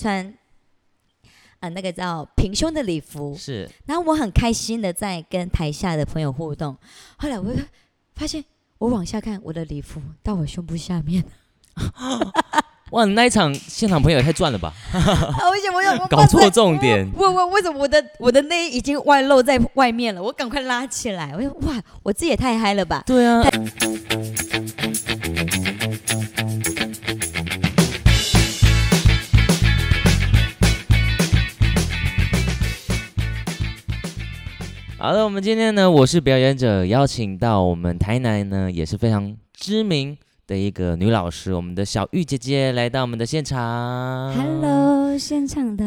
穿，啊，那個叫平胸的禮服，是。然後我很開心的在跟台下的朋友互動，後來我發現我往下看，我的禮服到我胸部下面。哇， 哇，那一場現場朋友也太賺了吧！為什麼要搞錯重點？為為為什麼我的我的內衣已經外露在外面了？我趕快拉起來。我說哇，我自己也太嗨了吧？對啊。好的，我們今天呢，我是表演者，邀請到我們台南呢，也是非常知名的一個女老師，我們的曉玉姐姐來到我們的現場。Hello，現場的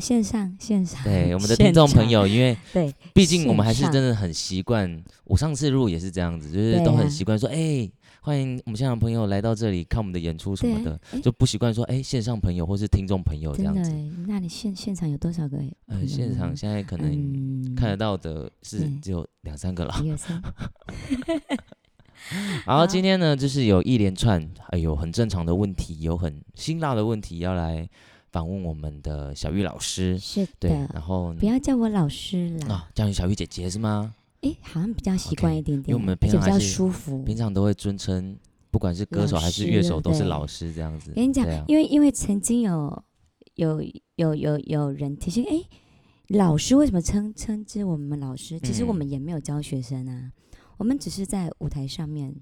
線上現場。對，我們的聽眾朋友，場因為對，畢竟我們還是真的很習慣。場我上次錄也是這樣子，就是都很習慣說，哎、啊。欸歡迎我們現場朋友來到這裡看我們的演出什麼的，就不習慣說哎線上朋友或是聽眾朋友這樣子。那你現現場有多少個？呃，現場現在可能看得到的是只有兩三個了。兩三個。然後今天呢，就是有一連串、哎，有很正常的問題，有很辛辣的問題要來訪問我們的小玉老師。是的。對。然後不要叫我老師了，啊，叫你小玉姐姐是嗎？哎，好像比較習慣一點點，Okay, 我們平常比較舒服，平常都會尊稱，不管是歌手還是樂手，都是老師這樣子。跟你講，啊、因為因為曾經有有有有有人提醒，哎，老師為什麼稱稱之我們老師？嗯、其實我們也沒有教學生啊，我們只是在舞台上面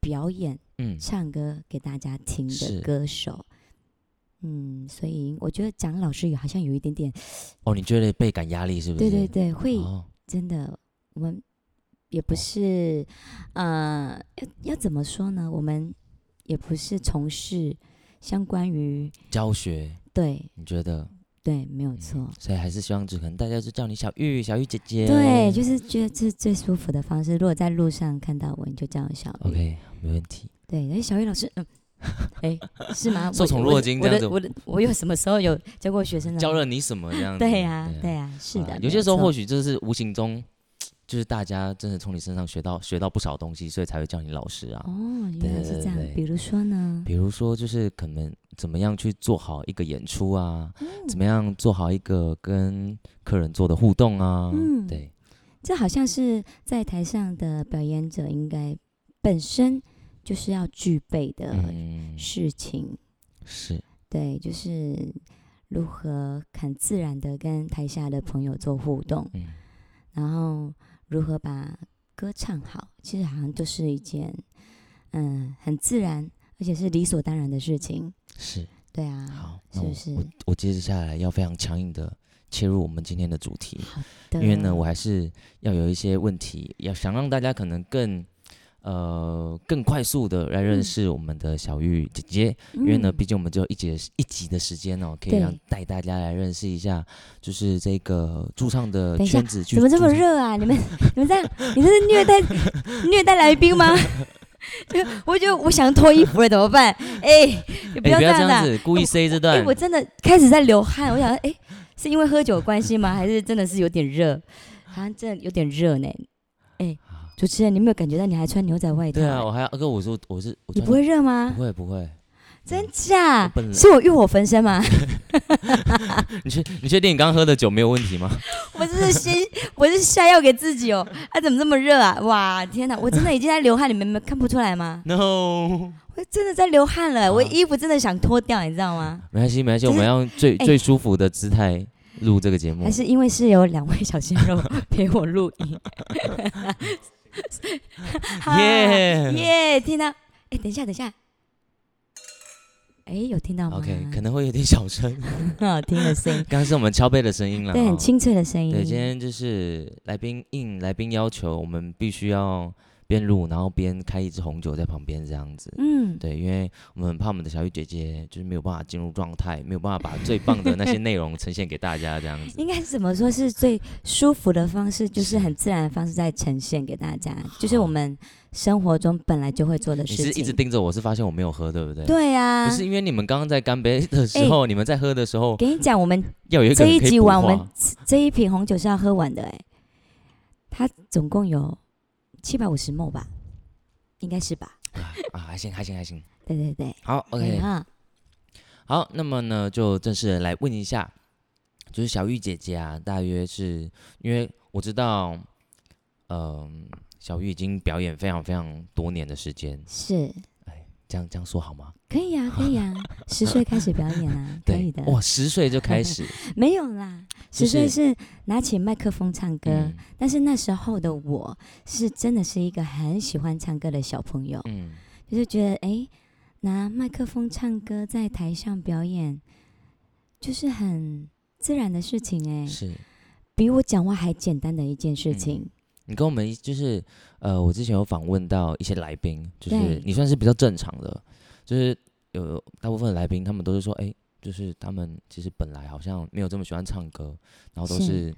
表演、嗯、唱歌給大家聽的歌手。是嗯，所以我覺得講老師有好像有一點點，哦，你覺得倍感壓力是不是？對對對，會真的。哦我們也不是，呃，要要怎麼說呢？我們也不是從事相關於教學。對，你覺得？對，沒有錯。所以還是希望，可能大家就叫你曉玉，曉玉姐姐。對，就是覺得這是最舒服的方式。如果在路上看到我，你就叫我曉玉。OK，沒問題。對，哎，曉玉老師，嗯，哎，是嗎？受寵若驚。我的，我的，我有什麼時候有教過學生呢？教了你什麼樣？對呀，對呀，是的。有些時候，或許就是無形中。就是大家真的從你身上學到學到不少東西，所以才會叫你老師啊。哦，原來是這樣。對對對對。比如說呢？比如說，就是可能怎麼樣去做好一個演出啊？嗯、怎麼樣做好一個跟客人做的互動啊？嗯，對。這好像是在台上的表演者應該本身就是要具備的事情。嗯、是。對，就是如何很自然的跟台下的朋友做互動。嗯。然後。如何把歌唱好？其實好像就是一件，嗯，很自然，而且是理所當然的事情。是，對啊。好，是不是？我，我，我接着下來要非常強硬的切入我們今天的主題。好的。因為呢，我還是要有一些問題，要想讓大家可能更。呃，更快速的來認識我們的小玉姐姐，嗯、因為呢，畢竟我們只有一節一集的時間哦、喔，嗯、可以讓帶對大家來認識一下，就是這個駐唱的圈子去。怎麼這麼熱啊？ 你們你們這樣，你這是虐待 虐待來賓嗎？ 我就我想脫衣服了，怎麼辦？哎、欸，欸、你不要這樣子，故意塞這段我我、欸。我真的開始在流汗， 我想說，哎、欸，是因為喝酒的關係嗎？還是真的是有點熱？好像真的有點熱呢，哎、欸。主持人，你有沒有感覺到你還穿牛仔外套？對啊，我還……跟我說我是……你不會熱嗎？不會，不會，真假？是我欲火焚身嗎？你確……你確定你剛喝的酒沒有問題嗎？我這是心，我是下藥給自己哦。哎，怎麼這麼熱啊？哇，天哪，我真的已經在流汗，你們沒看不出來嗎？No，我真的在流汗了，我衣服真的想脫掉，你知道嗎？沒關係，沒關係，我們要用最最舒服的姿態錄這個節目。還是因為是有兩位小鮮肉陪我錄音。耶耶，聽到？哎、欸，等一下，等一下，哎、欸，有聽到嗎？OK，可能會有點小聲。 好好聽的聲音，剛剛 是我們敲杯的聲音了，對，很清脆的聲音。對，今天就是來賓應來賓要求，我們必須要。邊錄，然後邊開一支紅酒在旁邊這樣子，嗯，對，因為我們很怕我們的曉玉姐姐就是沒有辦法進入狀態，沒有辦法把最棒的那些內容呈現給大家這樣子。 應該怎麼說？是最舒服的方式，就是很自然的方式在呈現給大家，好就是我們生活中本來就會做的事情。你是一直盯着我，是發現我沒有喝，對不對？對呀、啊，不是因為你們剛剛在乾杯的時候，欸、你們在喝的時候，給你講我們要有一個這一集完我們這一瓶紅酒是要喝完的、欸，哎，它總共有。七百五十畝吧，應該是吧啊？啊，還行，還行，還行。 對對對，好，OK。 好，那麼呢，就正式來問一下，就是曉玉姐姐啊，大約是，因為我知道，嗯、呃，曉玉已經表演非常非常多年的時間。是。這樣這樣說好嗎？可以呀、啊，可以呀、啊。十歲 開始表演啊， 可以的。哇，十歲就開始？ 沒有啦，十歲、就是、是拿起麥克風唱歌。嗯、但是那時候的我是真的是一個很喜歡唱歌的小朋友，嗯，就是覺得哎、欸、拿麥克風唱歌，在台上表演，就是很自然的事情哎、欸，是比我講話還簡單的一件事情。嗯你跟我們就是，呃，我之前有訪問到一些來賓，就是對你算是比較正常的，就是有大部分的來賓他們都是說，哎、欸，就是他們其實本來好像沒有這麼喜歡唱歌，然後都是，是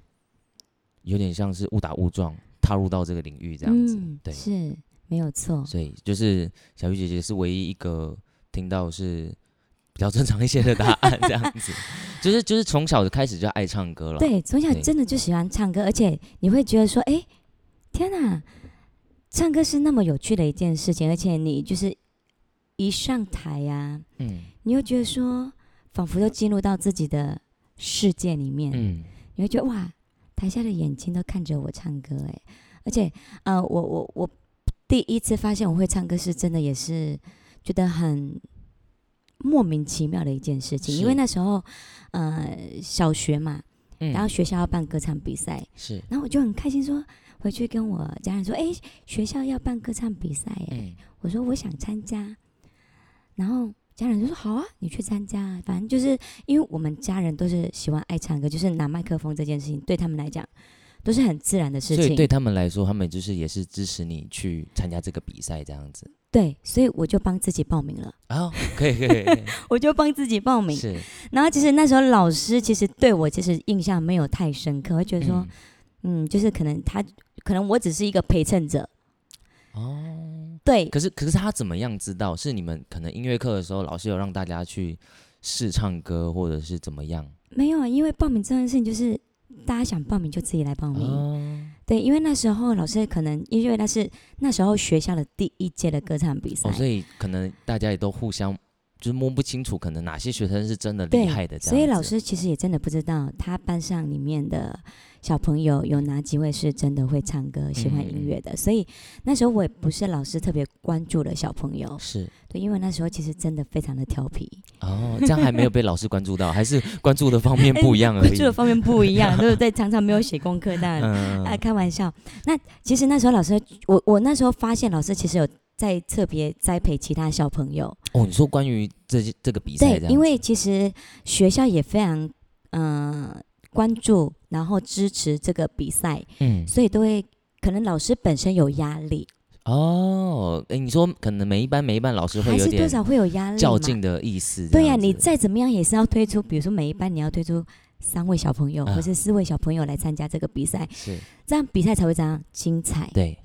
有點像是誤打誤撞踏入到這個領域這樣子，嗯、對，是沒有錯。所以就是曉玉姐姐是唯一一個聽到是比較正常一些的答案這樣子， 就是就是從小就開始就愛唱歌了，對，從小對真的就喜歡唱歌，嗯、而且你會覺得說，哎、欸。天吶、啊，唱歌是那麼有趣的一件事情，而且你就是一上台呀、啊，嗯，你又覺得說仿佛又進入到自己的世界裡面，嗯，你會覺得哇，台下的眼睛都看着我唱歌誒。而且啊、呃，我我我第一次發現我會唱歌是真的，也是覺得很莫名其妙的一件事情，是因為那時候呃小學嘛，然後學校要辦歌唱比賽，嗯、是，然後我就很開心說。回去跟我家人說：“哎、欸，學校要辦歌唱比賽，哎、嗯，我說我想參加。”然後家人就說：“好啊，你去參加。”反正就是因為我們家人都是喜歡愛唱歌，就是拿麥克風這件事情對他們來講都是很自然的事情。所以對他們來說，他們就是也是支持你去參加這個比賽這樣子。對，所以我就幫自己報名了。然後、哦、可，可，可以可以， 我就幫自己報名。是。然後其實那時候老師其實對我其實印象沒有太深刻，會覺得說：“嗯，嗯，就是可能他。”可能我只是一個陪襯者，哦、啊，對，可是可是他怎麼樣知道？是你們可能音樂課的時候，老師有讓大家去試唱歌，或者是怎麼樣？沒有啊，因為報名這件事情就是大家想報名就自己來報名，啊、對，因為那時候老師可能，因為那是那時候學校的第一屆的歌唱比賽，哦、所以可能大家也都互相。就是摸不清楚，可能哪些學生是真的厲害的這樣。所以老師其實也真的不知道，他班上裡面的小朋友有哪幾位是真的會唱歌、嗯、喜歡音樂的。所以那時候我也不是老師特別關注的小朋友。是對，因為那時候其實真的非常的調皮。哦，這樣還沒有被老師關注到， 還是關注的方面不一樣而已，關注、欸、的方面不一樣，對 不對？常常沒有寫功課但樣。嗯、啊，開玩笑。那其實那時候老師，我我那時候發現老師其實有。在特別栽培其他小朋友哦，你說關於這些這個比賽，因為其實學校也非常嗯、呃、關注，然後支持這個比賽，嗯，所以都會可能老師本身有壓力哦。誒，你說可能每一班每一班老師會有點還是多少會有壓力，較勁的意思。對呀、啊，你再怎麼樣也是要推出，比如說每一班你要推出三位小朋友或者四位小朋友來參加這個比賽，哦、是這樣比賽才會這樣精彩。對，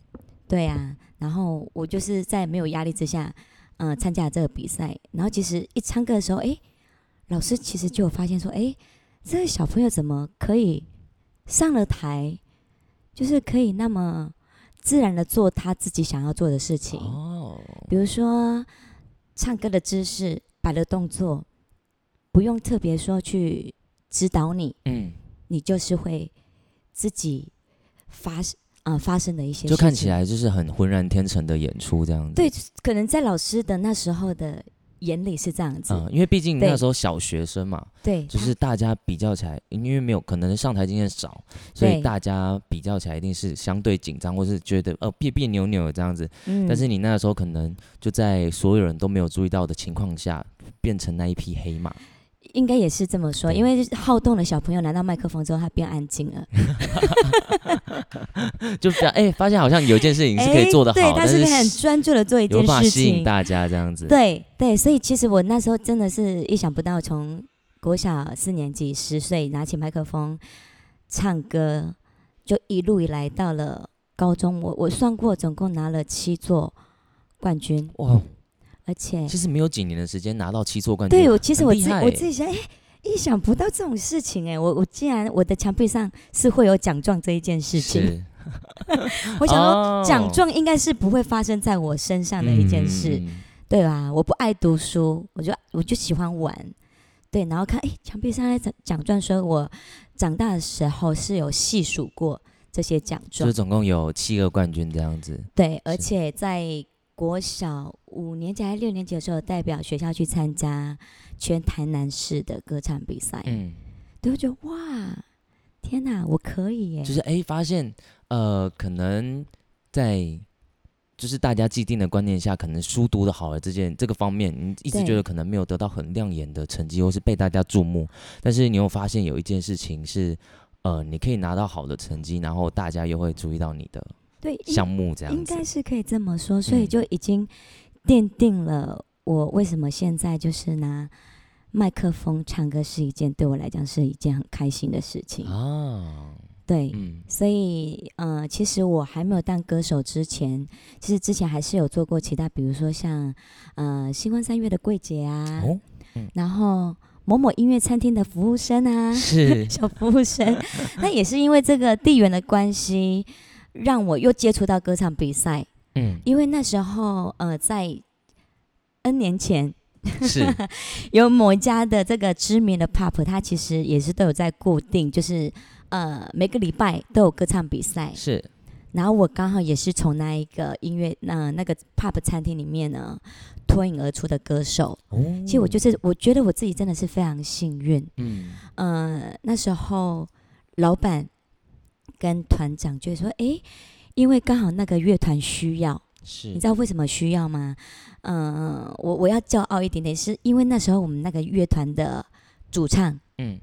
對呀、啊。然後我就是在沒有壓力之下，嗯、呃，參加這個比賽。然後其實一唱歌的時候，哎，老師其實就發現說，哎，這個小朋友怎麼可以上了台，就是可以那麼自然的做他自己想要做的事情。Oh. 比如說唱歌的姿勢、擺的動作，不用特別說去指導你，嗯，mm. 你就是會自己發。啊、嗯，發生的一些事，就看起來就是很渾然天成的演出這樣子。對，可能在老師的那時候的眼裡是這樣子。嗯，因為畢竟那時候小學生嘛，對，就是大家比較起來，因為沒有可能上台經驗少，所以大家比較起來一定是相對緊張，對或是覺得呃彆彆扭扭的這樣子。嗯、但是你那時候可能就在所有人都沒有注意到的情況下，變成那一匹黑馬。應該也是這麼說，因為好動的小朋友拿到麥克風之後，他變安靜了。 就表哎、欸，發現好像有件事情是可以做得好，欸對，他是很專注的做一件事情，有辦法吸引大家這樣子。對對，所以其實我那時候真的是意想不到，從國小四年級十歲拿起麥克風唱歌，就一路以來到了高中。我我算過，總共拿了七座冠軍。哇！而且其實沒有幾年的時間拿到七座冠軍，對我其實我自己、欸、我自己想，哎、欸，意想不到這種事情哎、欸，我我竟然我的牆壁上是會有獎狀這一件事情，是 我想說獎狀應該是不會發生在我身上的一件事，哦、對吧？我不愛讀書，我就我就喜歡玩，對，然後看哎牆、欸、壁上的獎狀，說我長大的時候是有細數過這些獎狀，就總共有七個冠軍這樣子，對，是而且在。國小五年級還六年級的時候，代表學校去參加全台南市的歌唱比賽，嗯，都覺得哇，天哪，我可以耶！就是哎、欸，發現呃，可能在就是大家既定的觀念下，可能書讀得好了這件這個方面，你一直覺得可能沒有得到很亮眼的成績，或是被大家注目，但是你又發現有一件事情是呃，你可以拿到好的成績，然後大家又會注意到你的。項目這樣應該是可以這麼說，所以就已經奠定了我為什麼現在就是拿麥克風唱歌是一件對我來講是一件很開心的事情。啊，對，嗯，所以呃，其實我還沒有當歌手之前，其實之前還是有做過其他，比如說像呃新光三越的櫃姐啊，哦嗯，然後某某音樂餐廳的服務生啊，是 小服務生， 那也是因為這個地緣的關係。讓我又接觸到歌唱比賽，嗯，因為那時候，呃，在 N 年前，是 有某一家的這個知名的 pub 它其實也是都有在固定，就是呃每個禮拜都有歌唱比賽，是。然後我剛好也是從那一個音樂那、呃、那個 pub 餐廳裡面呢脫穎而出的歌手，哦，其實我就是我覺得我自己真的是非常幸運，嗯，呃那時候老闆。跟團長就說：“哎、欸，因為剛好那個樂團需要，是你知道為什麼需要嗎？嗯、呃，我我要驕傲一點點，是因為那時候我們那個樂團的主唱，嗯，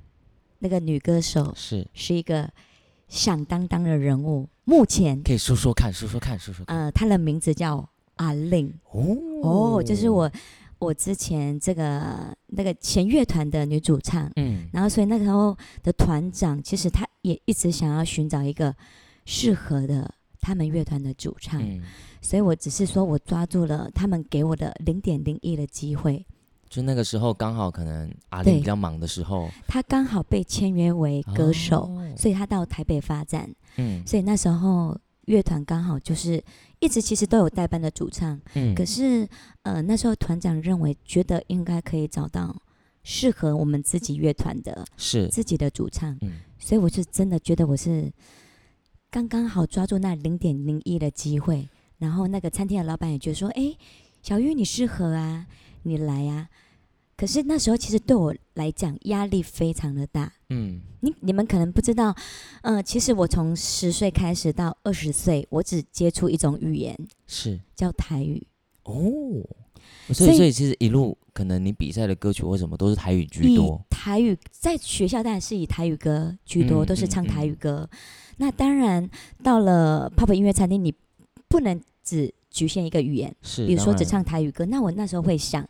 那個女歌手是是一個響當當的人物。目前可以說說看，說說看，說說看。呃，她的名字叫阿玲，哦，oh, 就是我我之前這個那個前樂團的女主唱，嗯，然後所以那個時候的團長其實他。”也一直想要尋找一個適合的他們樂團的主唱，嗯、所以我只是說我抓住了他們給我的零點零一的機會。就那個時候剛好可能阿林比較忙的時候，他剛好被簽約為歌手，哦、所以他到台北發展。嗯、所以那時候樂團剛好就是一直其實都有代班的主唱，嗯、可是呃那時候團長認為覺得應該可以找到。適合我們自己樂團的是自己的主唱，嗯、所以我就真的覺得我是剛剛好抓住那零點零一的機會，然後那個餐廳的老闆也覺得說：“哎、欸，曉玉你適合啊，你來啊。”可是那時候其實對我來講壓力非常的大，嗯，你你們可能不知道，嗯、呃，其實我從十歲開始到二十歲，我只接觸一種語言，是叫台語，哦。所以，所以其實一路可能你比賽的歌曲或什麼都是台語居多。台語在學校當然是以台語歌居多，嗯、都是唱台語歌。嗯嗯、那當然到了 pop 音樂餐廳，你不能只局限一個語言，是比如說只唱台語歌。然那我那時候會想，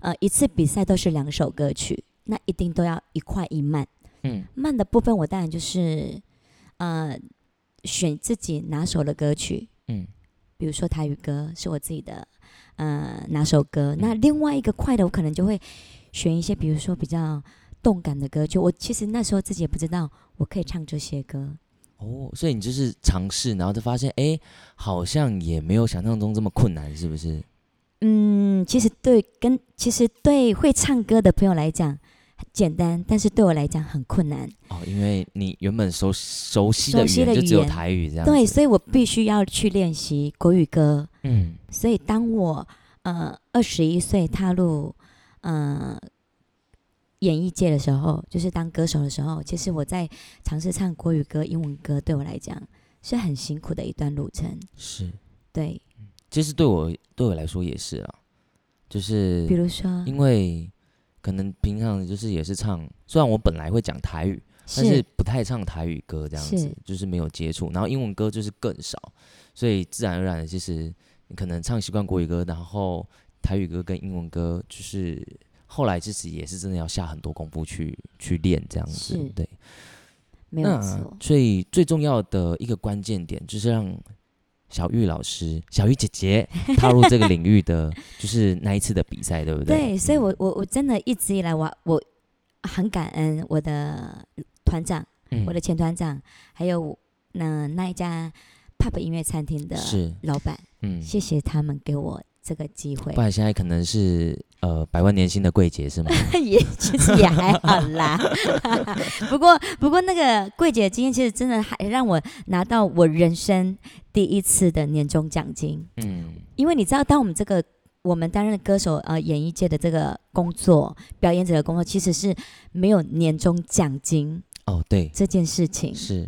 呃，一次比賽都是兩首歌曲，那一定都要一快一慢。嗯，慢的部分我當然就是呃選自己拿手的歌曲。嗯，比如說台語歌是我自己的。呃，哪首歌？那另外一個快的，我可能就會選一些，比如說比較動感的歌。就我其實那時候自己也不知道，我可以唱這些歌。哦，所以你就是嘗試，然後就發現，哎、欸，好像也沒有想象中這麼困難，是不是？嗯，其實對跟其實對會唱歌的朋友來講。簡單，但是對我來講很困難哦，因為你原本熟熟悉的語言就只有台語這樣，對，所以我必須要去練習國語歌。嗯，所以當我呃二十一歲踏入呃演藝界的時候，就是當歌手的時候，其實我在嘗試唱國語歌、英文歌，對我來講是很辛苦的一段路程。是，對，其實對我對我來說也是啊，就是比如說因為。可能平常就是也是唱，雖然我本來會講台語，是但是不太唱台語歌這樣子，是就是沒有接觸，然後英文歌就是更少，所以自然而然的，其實你可能唱習慣國語歌，然後台語歌跟英文歌就是後來其實也是真的要下很多功夫去去練這樣子，是對，那所以最重要的一個關鍵點就是讓。曉玉老師、曉玉姐姐踏入這個領域的， 就是那一次的比賽，對不對？對，所以我，我我我真的一直以來我，我我很感恩我的團長，嗯、我的前團長，還有那那一家 pub 音樂餐廳的老闆，嗯、謝謝他們給我。這個機會，不然現在可能是呃百萬年薪的櫃姐是嗎？ 也其實也還好啦。 不過不過那個櫃姐的經驗其實真的還讓我拿到我人生第一次的年終獎金。嗯，因為你知道，當我們這個我們擔任歌手呃演藝界的這個工作，表演者的工作其實是沒有年終獎金哦。對，這件事情是，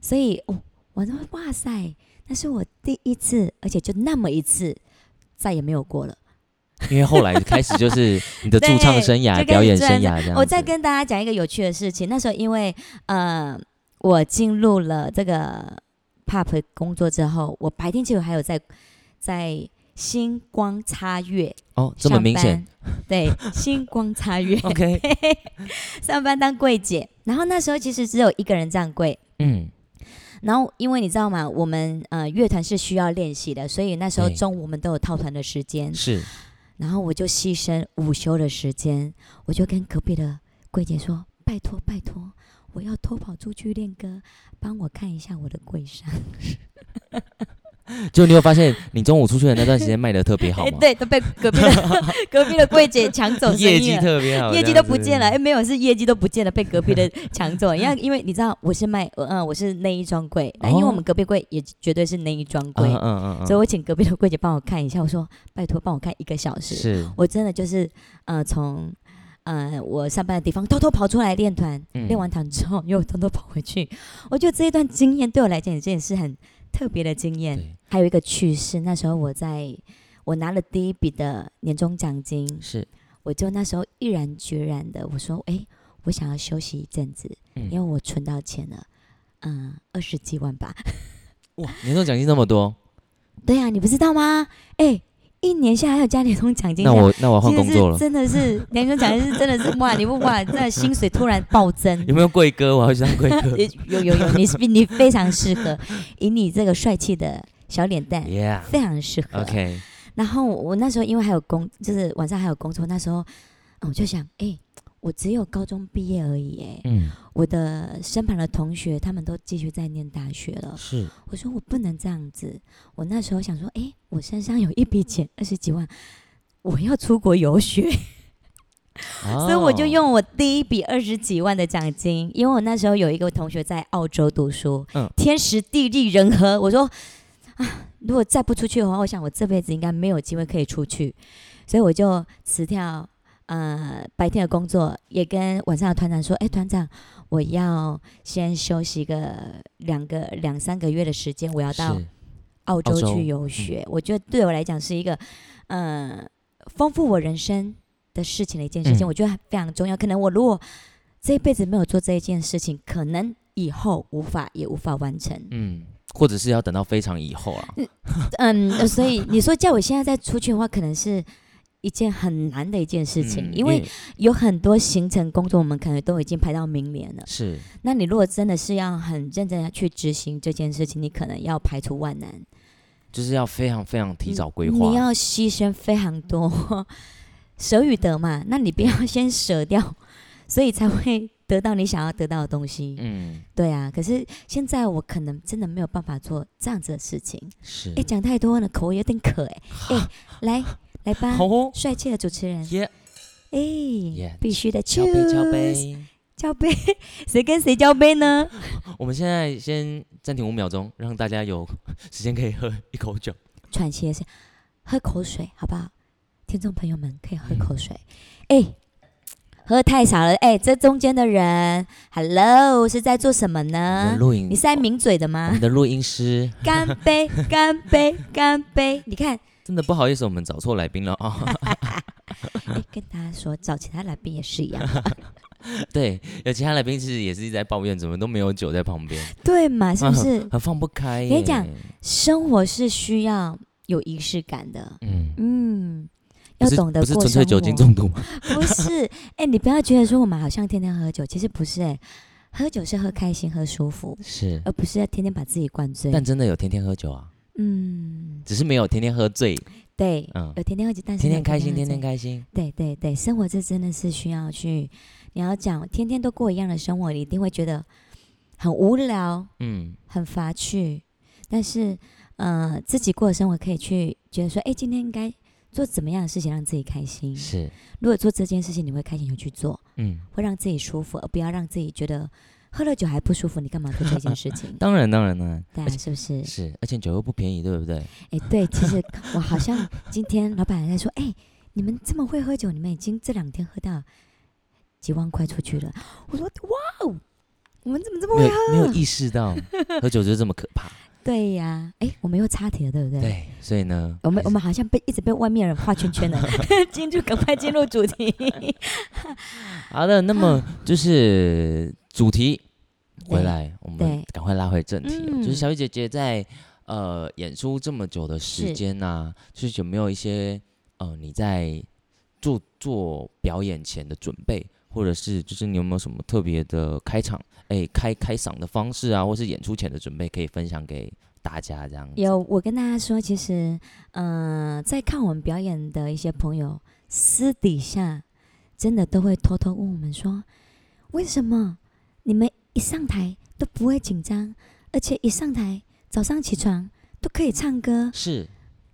所以我我都哇塞，那是我第一次，而且就那麼一次。再也沒有過了， 因為後來開始就是，你的駐唱生涯、 表演生涯這樣。我再跟大家講一個有趣的事情，那時候因為呃，我進入了這個 PUB 工作之後，我白天就還有在在新光三越哦，這麼明顯，對，新光三越，OK， 上班當櫃姐，然後那時候其實只有一個人站櫃，嗯。然後，因為你知道嗎？我們呃樂團是需要練習的，所以那時候中午我們都有套團的時間。是對，然後我就犧牲午休的時間，我就跟隔壁的櫃姐說：“嗯、拜託，拜託，我要偷跑出去練歌，幫我看一下我的櫃上。 ”就你會發現，你中午出去的那段時間賣的特別好， 欸、對，都被隔壁的、隔壁的櫃姐搶走生意， 業績業績都不見了。誒、欸，沒有，是業績都不見了，被隔壁的搶走。 因為，因為你知道，我是賣，嗯、呃，我是內衣專櫃，那、oh. 因為我們隔壁櫃也絕對是內衣專櫃，uh, uh, uh, uh, uh. 所以我請隔壁的櫃姐幫我看一下，我說拜托幫我看一個小時，是我真的就是，呃，從，呃，我上班的地方偷偷跑出來練團，練、嗯、完團之後又偷偷跑回去。嗯、我覺得這一段經驗對我來講，也也是很特別的經驗。還有一個趣事，那時候我在，我拿了第一筆的年終獎金，是，我就那時候毅然決然的，我說，哎，我想要休息一陣子，因為我存到錢了，嗯，二十幾萬吧。哇，年終獎金那麼多？對呀，你不知道嗎？哎，一年下來要加年終獎金。那我那我換工作了。真的是年終獎金是真的是哇，你不管這薪水突然暴增。有沒有貴哥？我好想貴哥。有有有，你你非常適合，以你這個帥氣的。小臉蛋，Yeah. 非常適合。Okay. 然後我那時候因為還有工，就是晚上還有工作。那時候我就想，哎，我只有高中畢業而已誒，哎、嗯，我的身旁的同學他們都繼續在念大學了。是，我說我不能這樣子。我那時候想說，哎，我身上有一筆錢二十幾萬，我要出國遊學。 oh. 所以我就用我第一筆二十幾萬的獎金，因為我那時候有一個同學在澳洲讀書，嗯、天時地利人和，我說。啊！如果再不出去的話，我想我這輩子應該沒有機會可以出去，所以我就辭掉呃白天的工作，也跟晚上的團長說：“哎，團長，我要先休息個兩個兩三個月的時間，我要到澳洲去遊學。”我覺得對我來講是一個嗯呃豐富我人生的事情的一件事情，嗯、我覺得非常重要。可能我如果這一輩子沒有做這一件事情，可能以後無法也無法完成。嗯。或者是要等到非常以後啊嗯，嗯，所以你說叫我現在再出去的話，可能是一件很難的一件事情，嗯、因為，因為有很多行程工作，我們可能都已經排到明年了。是，那你如果真的是要很認真的去執行這件事情，你可能要排除萬難，就是要非常非常提早規劃，你要犧牲非常多，捨與得嘛，那你不要先捨掉，所以才會。得到你想要得到的東西，嗯，對啊。可是現在我可能真的沒有辦法做這樣子的事情。是，哎、欸，講太多了，口味有點渴，欸。哎、欸，來來吧，好帥氣的主持人。耶。哎，必須得交，交杯。交杯，交杯，誰跟誰交杯呢？我們現在先暫停五秒鐘，讓大家有時間可以喝一口酒，喘息一下，喝口水好不好？聽眾朋友們可以喝口水。哎、嗯。欸喝太少了，哎、欸，這中間的人，Hello，是在做什麼呢？你,你是在抿嘴的嗎？你的錄音師。乾杯，乾杯， 乾杯！ 你看，真的不好意思，我們找錯來賓了啊、哦 欸！跟大家說，找其他來賓也是一樣。 對，有其他來賓其實也是一直在抱怨，怎麼都沒有酒在旁邊。對嘛？是不是？啊、很放不開。跟你講，生活是需要有儀式感的。嗯嗯。嗯要懂得過生活，不是純粹酒精中毒嗎？不是，哎、 欸，你不要覺得說我們好像天天喝酒，其實不是、欸，哎，喝酒是喝開心、喝舒服，是，而不是要天天把自己灌醉。但真的有天天喝酒啊，嗯，只是沒有天天喝醉。對，嗯，有天天喝酒，但是天天開心，天天，天天開心。對對對，生活這真的是需要去，你要講天天都過一樣的生活，你一定會覺得很無聊，嗯，很乏趣。但是，呃，自己過的生活可以去覺得說，哎、欸，今天應該。做怎麼樣的事情讓自己開心？是，如果做這件事情你會開心就去做，嗯，會讓自己舒服，而不要讓自己覺得喝了酒還不舒服，你幹嘛做這件事情？ 當然當然呢，大家是不是？是，而且酒又不便宜，對不對？哎、欸，對，其實我好像今天老闆還在說，哎、 欸，你們這麼會喝酒，你們已經這兩天喝到幾萬塊出去了。我說，哇哦，我們怎麼這麼會喝？沒有，沒有意識到喝酒就這麼可怕。 對呀、啊，哎，我們又插題了，對不對？對，所以呢，我們始我們好像被一直被外面人畫圈圈呢。 進去，趕快進入主題。 好的，那麼 就是主題回來，對我們趕快拉回正題。對就是曉玉姐姐在呃演出這麼久的時間呢、啊，就是，是有沒有一些呃你在做做表演前的準備？或者是，就是你有沒有什麼特別的開場，哎，開開嗓的方式啊，或是演出前的準備，可以分享給大家這樣？有，我跟大家說，其實，呃，在看我們表演的一些朋友，私底下真的都會偷偷問我們說，為什麼你們一上台都不會緊張，而且一上台早上起床都可以唱歌？是，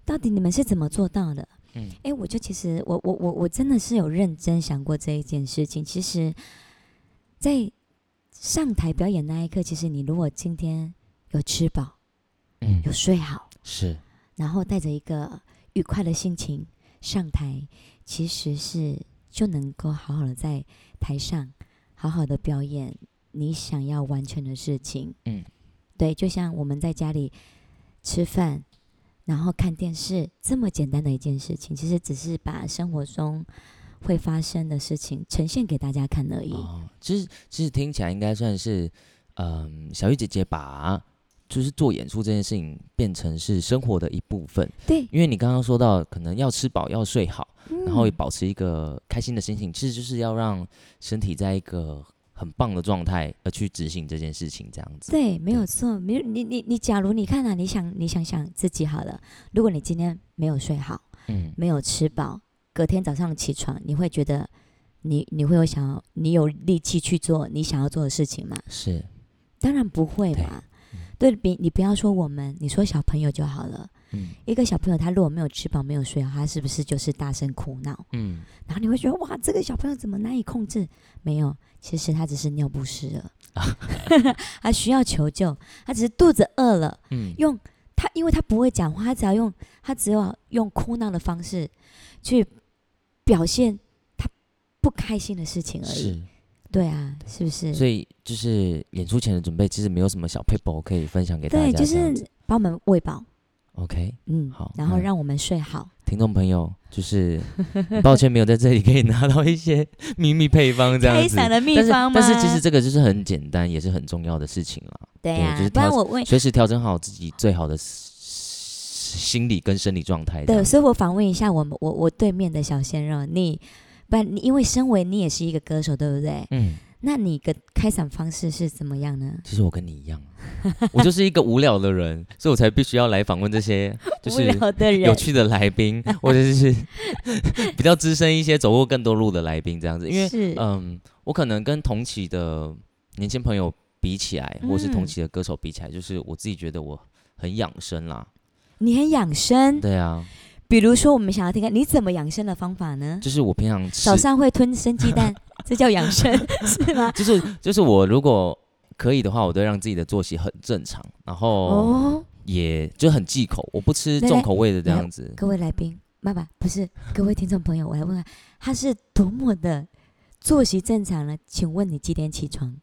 到底你們是怎麼做到的？嗯，哎、欸，我就其實，我我我我真的是有認真想過這一件事情。其實，在上台表演那一刻，其實你如果今天有吃飽，嗯，有睡好，是，然後帶着一個愉快的心情上台，其實是就能夠好好的在台上好好的表演你想要完成的事情。嗯，對，就像我們在家裡吃飯。然後看電視這麼簡單的一件事情，其實只是把生活中會發生的事情呈現給大家看而已。哦，其實其實聽起來應該算是，嗯、呃，曉玉姐姐把就是做演出這件事情變成是生活的一部分。對，因為你剛剛說到，可能要吃飽，要睡好，嗯、然後也保持一個開心的心情，其實就是要讓身體在一個。很棒的狀態而去執行這件事情，這樣子。對，沒有錯，沒有你你你，你你假如你看啊，你想你想想自己好了。如果你今天沒有睡好，嗯，沒有吃飽，隔天早上起床，你會覺得你你會有想要你有力氣去做你想要做的事情嗎？是，當然不會啦。對比，嗯，你不要說我們，你說小朋友就好了。嗯，一個小朋友他如果沒有吃飽，沒有睡好，他是不是就是大聲哭鬧？嗯，然後你會覺得哇，這個小朋友怎麼難以控制？沒有。其實他只是尿不濕了。 他需要求救。他只是肚子餓了，嗯、用他，因為他不會講話，他只要用他，只用哭鬧的方式去表現他不開心的事情而已。是 對啊，對是不是？所以就是演出前的準備，其實沒有什麼小配 b 可以分享給大家。對，就是把我們餵飽。OK，嗯，好。然後讓我們睡好。嗯、聽眾朋友，就是抱歉，沒有在這裡可以拿到一些秘密配方這樣子。 的秘方嗎？但是，但是其實這個就是很簡單，也是很重要的事情了。對呀、啊，就是隨時調整好自己最好的心理跟生理狀態。對，所以我訪問一下我們我我對面的小鮮肉，你不然你因為身為你也是一個歌手，對不對？嗯。那你的開場方式是怎麼樣呢？其實我跟你一樣，我就是一個無聊的人， 所以我才必須要來訪問這些就是無聊的人、 有趣的來賓， 或者、就是 比較資深一些、 走過更多路的來賓這樣子。因為是嗯，我可能跟同期的年輕朋友比起來，或是同期的歌手比起來，就是我自己覺得我很養生啦。你很養生？對啊。比如說，我們想要聽看，你怎麼養生的方法呢？就是我平常吃早上會吞生雞蛋， 這叫養生 是嗎？就是就是我如果可以的話，我都讓自己的作息很正常，然後哦，也就很忌口，我不吃重口味的這樣子。各位來賓，媽媽，不是，各位聽眾朋友，我來問，他是多麼的作息正常呢？請問你幾點起床？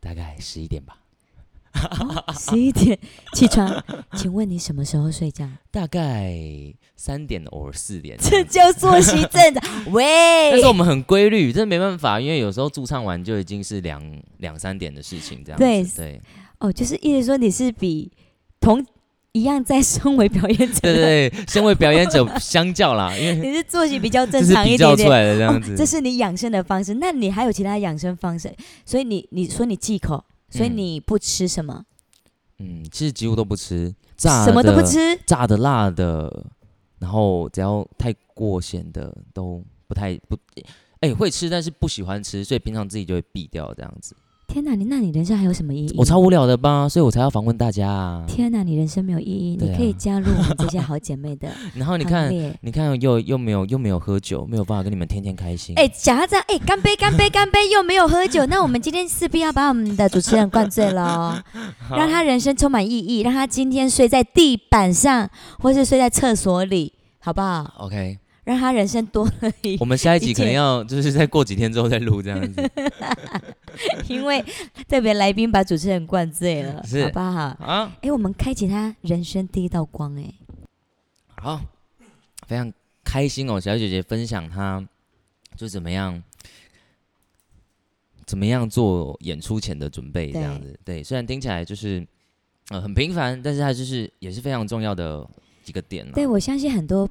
大概十一點吧。哦，十一點起床，請問你什麼時候睡覺？大概三點偶爾四點這樣子。這叫作息正常，喂！但是我們很規律，這沒辦法，因為有時候駐唱完就已經是兩兩三點的事情，這樣子。對對，對哦，就是意思說你是比同一樣在身為表演者，對,對對，身為表演者相較啦， 因為你是作息比較正常一點點，出來的這樣子，哦，這是你養生的方式。那你還有其他養生方式？所以你你說你忌口。所以你不吃什麼？嗯，其實幾乎都不吃，炸的，什麼都不吃，炸的、辣的，然後只要太過鹹的都不太不，哎、欸，會吃，但是不喜歡吃，所以平常自己就會避掉這樣子。天哪、啊，你那你人生還有什麼意義？我超無聊的吧，所以我才要訪問大家啊！天哪、啊，你人生沒有意義，啊、你可以加入我們這些好姐妹的 然後你看，啊、你看，又又沒有，又沒有喝酒，沒有辦法跟你們天天開心。哎、欸，夾着誒，哎、欸，乾杯，乾杯，乾杯！又沒有喝酒， 那我們今天勢必要把我們的主持人灌醉嘍， 好讓他人生充滿意義，讓他今天睡在地板上，或是睡在廁所裡，好不好？OK。讓他人生多了一。我們下一集可能要，就是再過幾天之後再錄這樣子， 因為特別來賓把主持人灌醉了，是好不好？啊，哎、欸，我們開啟他人生第一道光、欸，哎，好，非常開心哦，小姐姐分享她就怎麼樣，怎麼樣做演出前的準備這樣子，對,對，雖然聽起來就是呃很平凡，但是她就是也是非常重要的一個點、哦。對，我相信很多。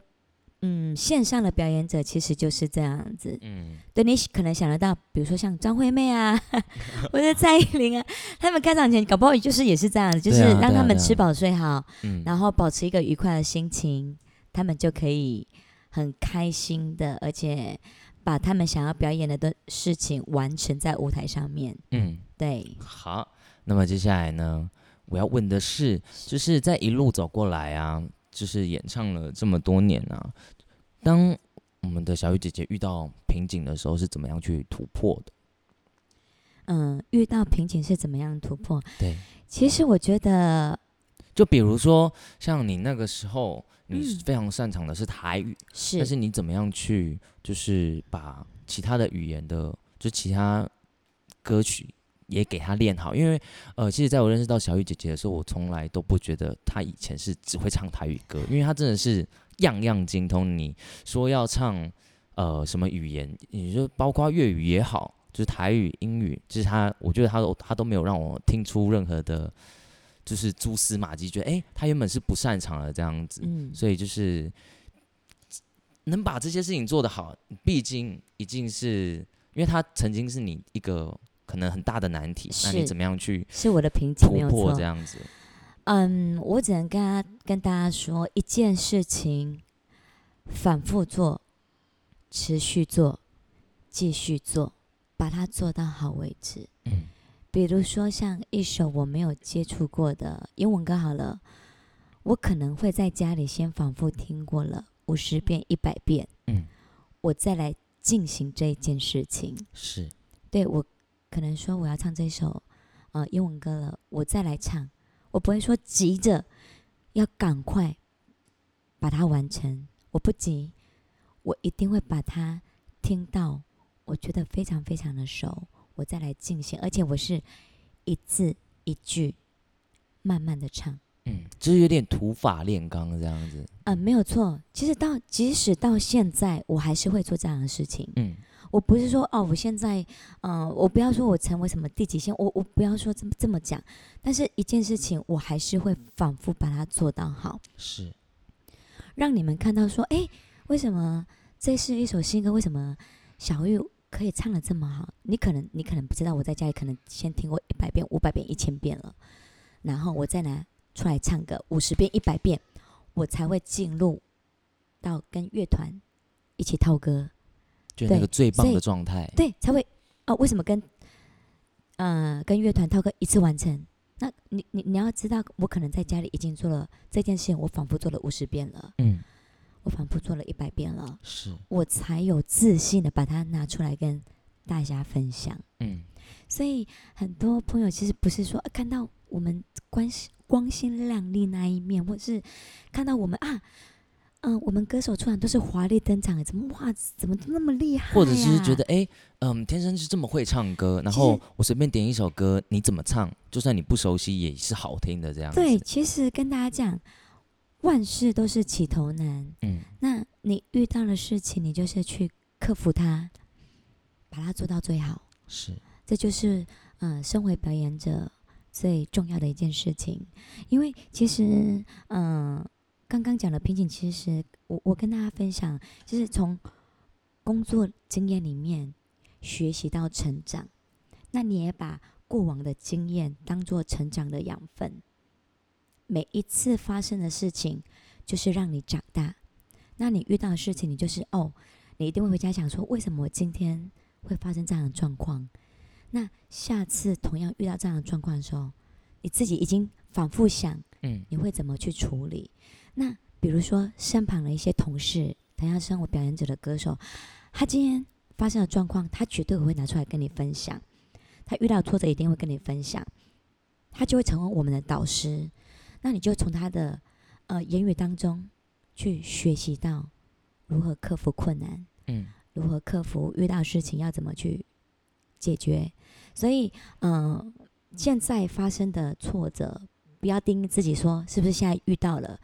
嗯，線上的表演者其實就是這樣子。嗯，對你可能想得到，比如說像張惠妹啊， 或者蔡依林啊，他們開場前搞不好就是也是這樣子，啊、就是讓他們吃飽睡好，啊啊、然後保持一個愉快的心情，嗯、他們就可以很開心的，而且把他們想要表演的的事情完成在舞台上面。嗯，對。好，那麼接下來呢，我要問的是，就是在一路走過來啊。就是演唱了這麼多年啊，當我們的曉玉姐姐遇到瓶頸的時候，是怎麼樣去突破的？嗯，遇到瓶頸是怎麼樣突破？對，其實我覺得，嗯、就比如說像你那個時候，你非常擅長的是台語，嗯、是，但是你怎麼樣去就是把其他的語言的，就其他歌曲。也給他練好，因為呃，其實在我認識到曉玉姐姐的時候，我從來都不覺得她以前是只會唱台語歌，因為她真的是樣樣精通。你說要唱呃什麼語言，你說包括粵語也好，就是台語、英語，就是她，我覺得她都她都沒有讓我聽出任何的，就是蛛絲馬跡，覺得誒、欸，她原本是不擅長的這樣子。嗯、所以就是能把這些事情做得好，畢竟已經是因為她曾經是你一個。可能很大的難題，是那你怎麼樣去突破？是我的瓶頸，沒有錯，這樣子。嗯，我只能跟他跟大家說一件事情：反覆做，持續做，繼續做，把它做到好為止。嗯。比如說，像一首我沒有接觸過的英文歌，好了，我可能會在家裡先反覆聽過了五十遍、一百遍。嗯。我再來進行這一件事情。是。對我。可能說我要唱這首，呃，英文歌了，我再來唱，我不會說急着，要趕快，把它完成，我不急，我一定會把它聽到，我覺得非常非常的熟，我再來進行，而且我是，一字一句，慢慢的唱，嗯，就是有點土法煉鋼這樣子，嗯、呃，沒有錯，其實到即使到現在，我還是會做這樣的事情，嗯。我不是說哦、啊，我現在嗯、呃，我不要說我成為什麼第幾線，我我不要說這麼這麼講，但是一件事情，我還是會反復把它做到好。是，讓你們看到說，哎，為什麼這是一首新歌？為什麼曉玉可以唱得這麼好？你可能你可能不知道，我在家裡可能先聽過一百遍、五百遍、一千遍了，然後我再拿出來唱個五十遍、一百遍，我才會進入到跟樂團一起套歌。就那個最棒的狀態，對，才會哦、啊。為什麼跟呃跟樂團套歌一次完成？那你你你要知道，我可能在家裡已經做了這件事情，我反覆做了五十遍了，嗯，我反覆做了一百遍了，是，我才有自信的把它拿出來跟大家分享，嗯。所以很多朋友其實不是說看到我們光光鮮亮麗那一面，或是看到我們啊。嗯，我們歌手突然都是華麗登場，怎麼哇？怎麼那麼厲害？啊？或者是覺得，哎、欸，嗯，天生是這麼會唱歌。然後我隨便點一首歌，你怎麼唱？就算你不熟悉，也是好聽的這樣子。對，其實跟大家講，萬事都是起頭難。嗯，那你遇到的事情，你就是去克服它，把它做到最好。是，這就是嗯，身、呃、為表演者最重要的一件事情。因為其實嗯。呃剛剛講的瓶頸，其實我我跟大家分享，就是從工作經驗裡面學習到成長。那你也把過往的經驗當做成長的養分。每一次發生的事情，就是讓你長大。那你遇到的事情，你就是哦，你一定會回家想說，為什麼我今天會發生這樣的狀況？那下次同樣遇到這樣的狀況的時候，你自己已經反覆想，嗯，你會怎麼去處理？那比如說，身旁的一些同事同樣是我表演者的歌手，他今天發生的狀況，他絕對不會拿出來跟你分享。他遇到挫折一定會跟你分享，他就會成為我們的導師。那你就從他的呃言語當中去學習到如何克服困難，嗯，如何克服遇到事情要怎麼去解決。所以，嗯、呃，現在發生的挫折，不要定義自己說是不是現在遇到了。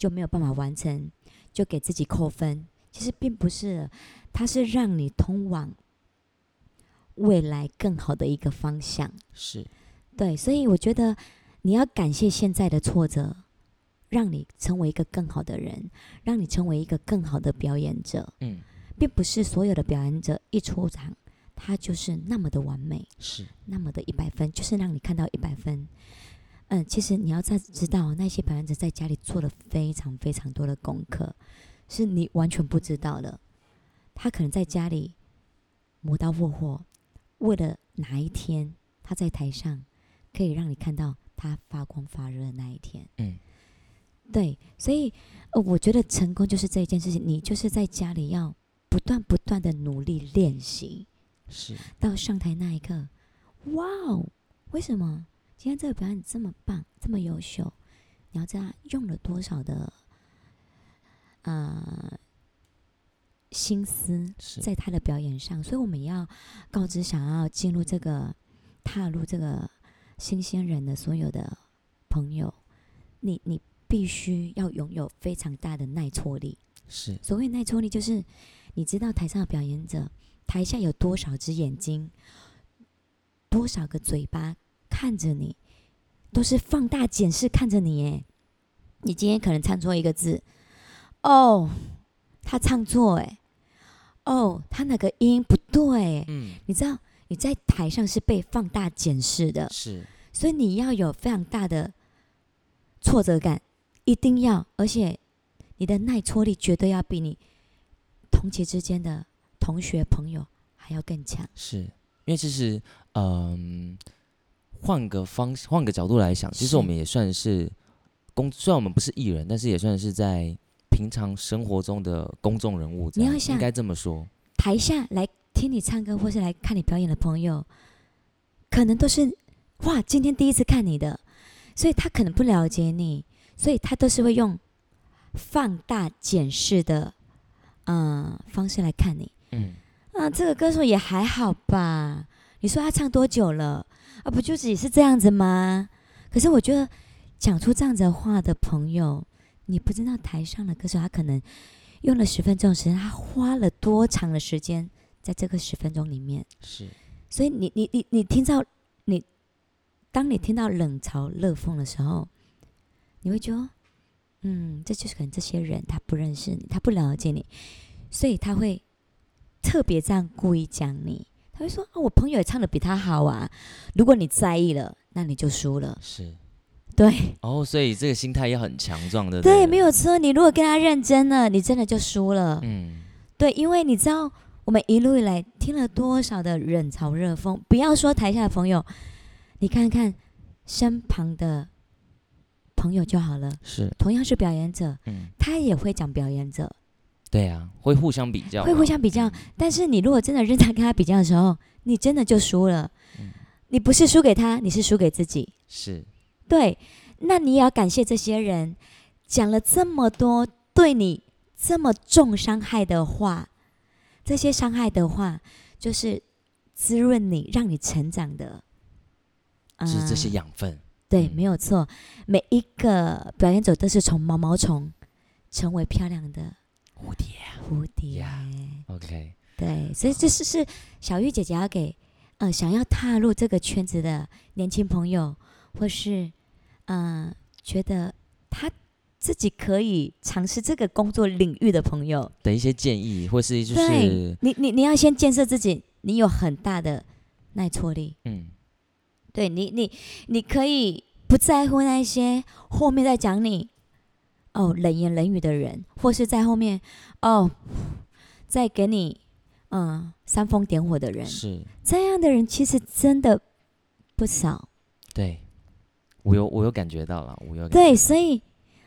就沒有辦法完成，就給自己扣分。其實並不是，它是讓你通往未來更好的一個方向。是，對，所以我覺得你要感謝現在的挫折，讓你成為一個更好的人，讓你成為一個更好的表演者。嗯，並不是所有的表演者一出場，他就是那麼的完美，是那麼的一百分，就是讓你看到一百分。嗯，其實你要在知道那些表演者在家裡做了非常非常多的功課，是你完全不知道的。他可能在家裡磨刀霍霍，為了哪一天他在台上可以讓你看到他發光發熱的那一天。嗯，對，所以我覺得成功就是這一件事情，你就是在家裡要不斷不斷的努力練習，是到上台那一刻，哇哦，為什麼？今天這個表演這麼棒，這麼優秀，你要知道用了多少的、呃、心思在他的表演上。是所以我們要告知想要進入這個、踏入這個新鮮人的所有的朋友，你你必須要擁有非常大的耐挫力。是，所謂耐挫力，就是你知道台上的表演者，台下有多少隻眼睛，多少個嘴巴。看着你，都是放大檢視看着你。哎，你今天可能唱錯一個字，哦、oh，他唱錯，哎，哦，他那個音，音不對？嗯，你知道你在台上是被放大檢視的，是，所以你要有非常大的挫折感，一定要，而且你的耐挫力絕對要比你同期之間的同學朋友還要更強。是，因為其實，嗯、呃。換個方，換個角度來想，其實我們也算是公，是雖然我們不是藝人，但是也算是在平常生活中的公眾人物。你要想，應該這麼說，台下來聽你唱歌或是來看你表演的朋友，可能都是哇，今天第一次看你的，所以他可能不了解你，所以他都是會用放大檢視的嗯方式來看你。嗯，啊，這個歌手也還好吧？你說他唱多久了？啊，不就是也是這樣子嗎？可是我覺得講出這樣子的話的朋友，你不知道台上的歌手，他可能用了十分鐘時間，他花了多長的時間在這個十分鐘裡面。是。所以你你你你聽到你，當你聽到冷嘲熱諷的時候，你會覺得，嗯，這就是可能這些人他不認識你，他不了解你，所以他會特別這樣故意講你。他說：“啊，我朋友也唱的比他好啊。如果你在意了，那你就輸了。是，對。哦，oh, 所以這個心態也很強壯，的，對不對？對，沒有錯。你如果跟他認真了，你真的就輸了。嗯，對，因為你知道，我們一路以來聽了多少的冷嘲熱諷。不要說台下的朋友，你看看身旁的朋友就好了。是，同樣是表演者，嗯，他也會講表演者。”對啊，會互相比較，會互相比較。但是你如果真的認真跟他比較的時候，你真的就輸了。嗯、你不是輸給他，你是輸給自己。是，對。那你也要感謝這些人，講了這麼多對你這麼重傷害的話，這些傷害的話就是滋潤你，讓你成長的。呃、是這些養分。對，嗯、沒有錯。每一個表演者都是從毛毛蟲成為漂亮的。蝴蝶，蝴蝶 yeah，OK，對，所以這是是小玉姐姐要給呃想要踏入這個圈子的年輕朋友，或是嗯、呃、覺得他自己可以嘗試這個工作領域的朋友的一些建議，或是就是你你你要先建設自己，你有很大的耐挫力，嗯，對你你你可以不在乎那些後面再講你，哦，冷言冷語的人，或是在後面哦，在給你嗯煽、呃、風點火的人，是這樣的人，其實真的不少。對，我有、嗯、我有感覺到了，我有感，對，所以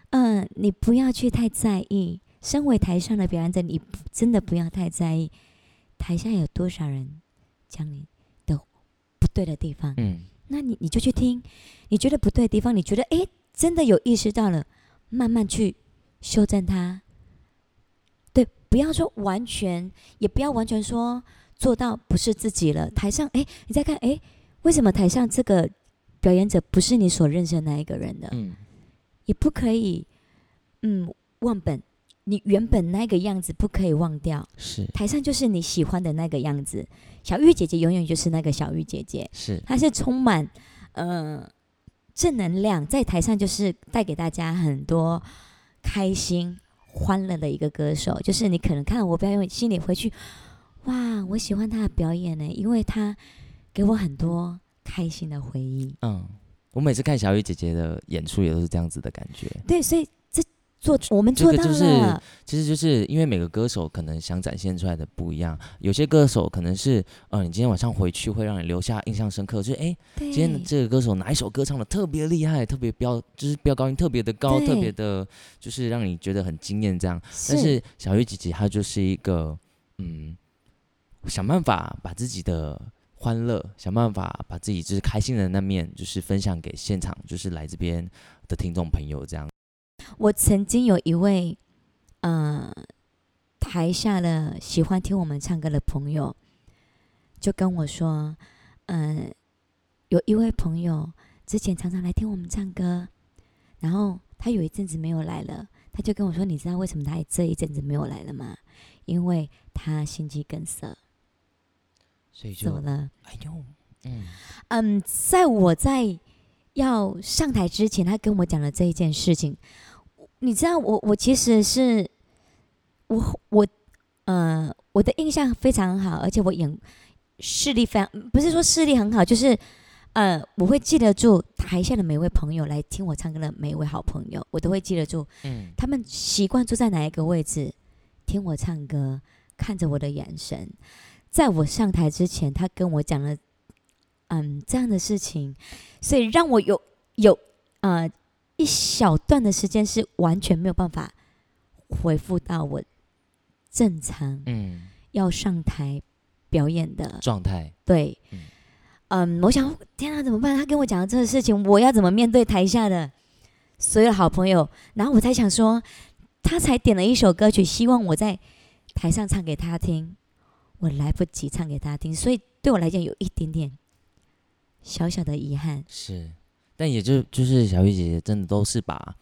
嗯、呃，你不要去太在意，身為台上的表演者，你真的不要太在意台下有多少人講你的不對的地方。嗯，那你你就去聽，你覺得不對的地方，你覺得哎、欸，真的有意識到了。慢慢去修正它，對，不要說完全，也不要完全說做到不是自己了。台上，哎，你再看，哎，為什麼台上這個表演者不是你所認識的那一個人呢？嗯，也不可以，嗯，忘本，你原本那個樣子不可以忘掉。是，台上就是你喜歡的那個樣子。小玉姐姐永遠就是那個曉玉姐姐。是，她是充滿，嗯、呃。正能量在台上就是帶給大家很多開心、歡樂的一個歌手，就是你可能看我表演，心裡回去，哇，我喜歡他的表演呢，欸，因為他給我很多開心的回憶。嗯，我每次看小雨姐姐的演出也都是這樣子的感覺。對，所以。做我們做的，就是，其實就是因為每個歌手可能想展現出來的不一樣。有些歌手可能是，嗯、呃，你今天晚上回去會讓你留下印象深刻，就是哎，欸、對今天的這個歌手哪一首歌唱的特別厲害，特別飆，就是飆高音特別的高，對特別的，就是讓你覺得很驚艷這樣。是但是小玉姐姐她就是一個，嗯，想辦法把自己的歡樂，想辦法把自己就是開心的那面，就是分享給現場就是來這邊的聽眾朋友這樣。我曾經有一位，呃，台下的喜歡聽我們唱歌的朋友，就跟我說，呃，有一位朋友之前常常來聽我們唱歌，然後他有一陣子沒有來了，他就跟我說：“你知道為什麼他這一陣子沒有來了嗎？”因為他心肌梗塞，所以就走了。哎呦，嗯嗯，um, 在我在要上台之前，他跟我講了這一件事情。你知道我我其實是我我呃，我的印象非常好，而且我眼視力非常，不是說視力很好，就是呃，我會記得住台下的每位朋友來聽我唱歌的每一位好朋友，我都會記得住。嗯，他們習慣坐在哪一個位置，嗯、聽我唱歌，看着我的眼神，在我上台之前，他跟我講了嗯這樣的事情，所以讓我有有呃。一小段的時間是完全沒有辦法恢復到我正常，要上台表演的狀態。嗯、對，嗯，嗯，我想，天啊，怎麼辦？他跟我講這個事情，我要怎麼面對台下的所有的好朋友？然後我才想說，他才點了一首歌曲，希望我在台上唱給他聽，我來不及唱給他聽，所以對我來講有一點點小小的遺憾。是。但也就就是曉玉姐姐真的都是把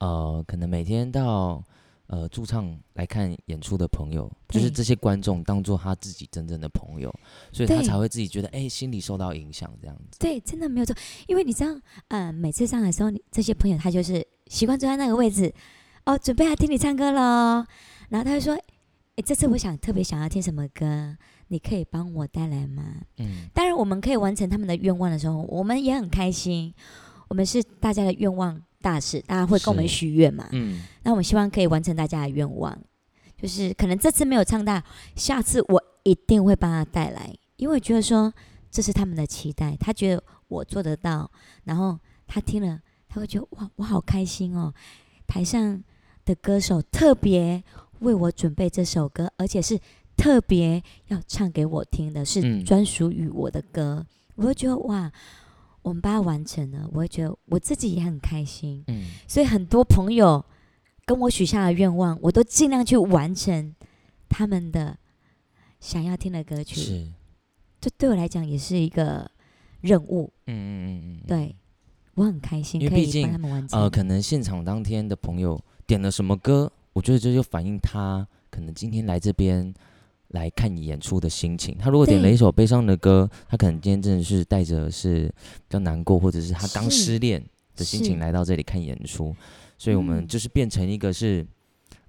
呃，可能每天到呃駐唱來看演出的朋友，對就是這些觀眾當做他自己真正的朋友，所以他才會自己覺得哎對，心裡受到影響這樣子。對，真的沒有錯，因為你知道，嗯、呃，每次上來的時候，這些朋友他就是習慣坐在那個位置，哦，準備要聽你唱歌嘍，然後他就說，哎，這次我想特別想要聽什麼歌，你可以幫我帶來嗎？嗯，當然我們可以完成他們的願望的時候，我們也很開心。我們是大家的願望大使，大家會跟我們許願嘛？嗯，那我們希望可以完成大家的願望，就是可能這次沒有唱到，下次我一定會幫他帶來，因為我覺得說這是他們的期待，他覺得我做得到，然後他聽了他會覺得哇，我好開心哦！台上的歌手特別為我準備這首歌，而且是特別要唱給我聽的，是專屬於我的歌，嗯、我會覺得哇。我們把它完成了，我也覺得我自己也很開心。嗯，所以很多朋友跟我許下的願望，我都盡量去完成他們的想要聽的歌曲。是，這對我來講也是一個任務。嗯嗯嗯嗯，對，我很開心，因為畢竟呃，可能現場當天的朋友點了什麼歌，我覺得這就反映他可能今天來這邊。來看演出的心情，他如果點了一首悲傷的歌，對他可能今天真的是帶着是比較難過，或者是他剛失戀的心情來到這裡看演出，是所以我們就是變成一個是，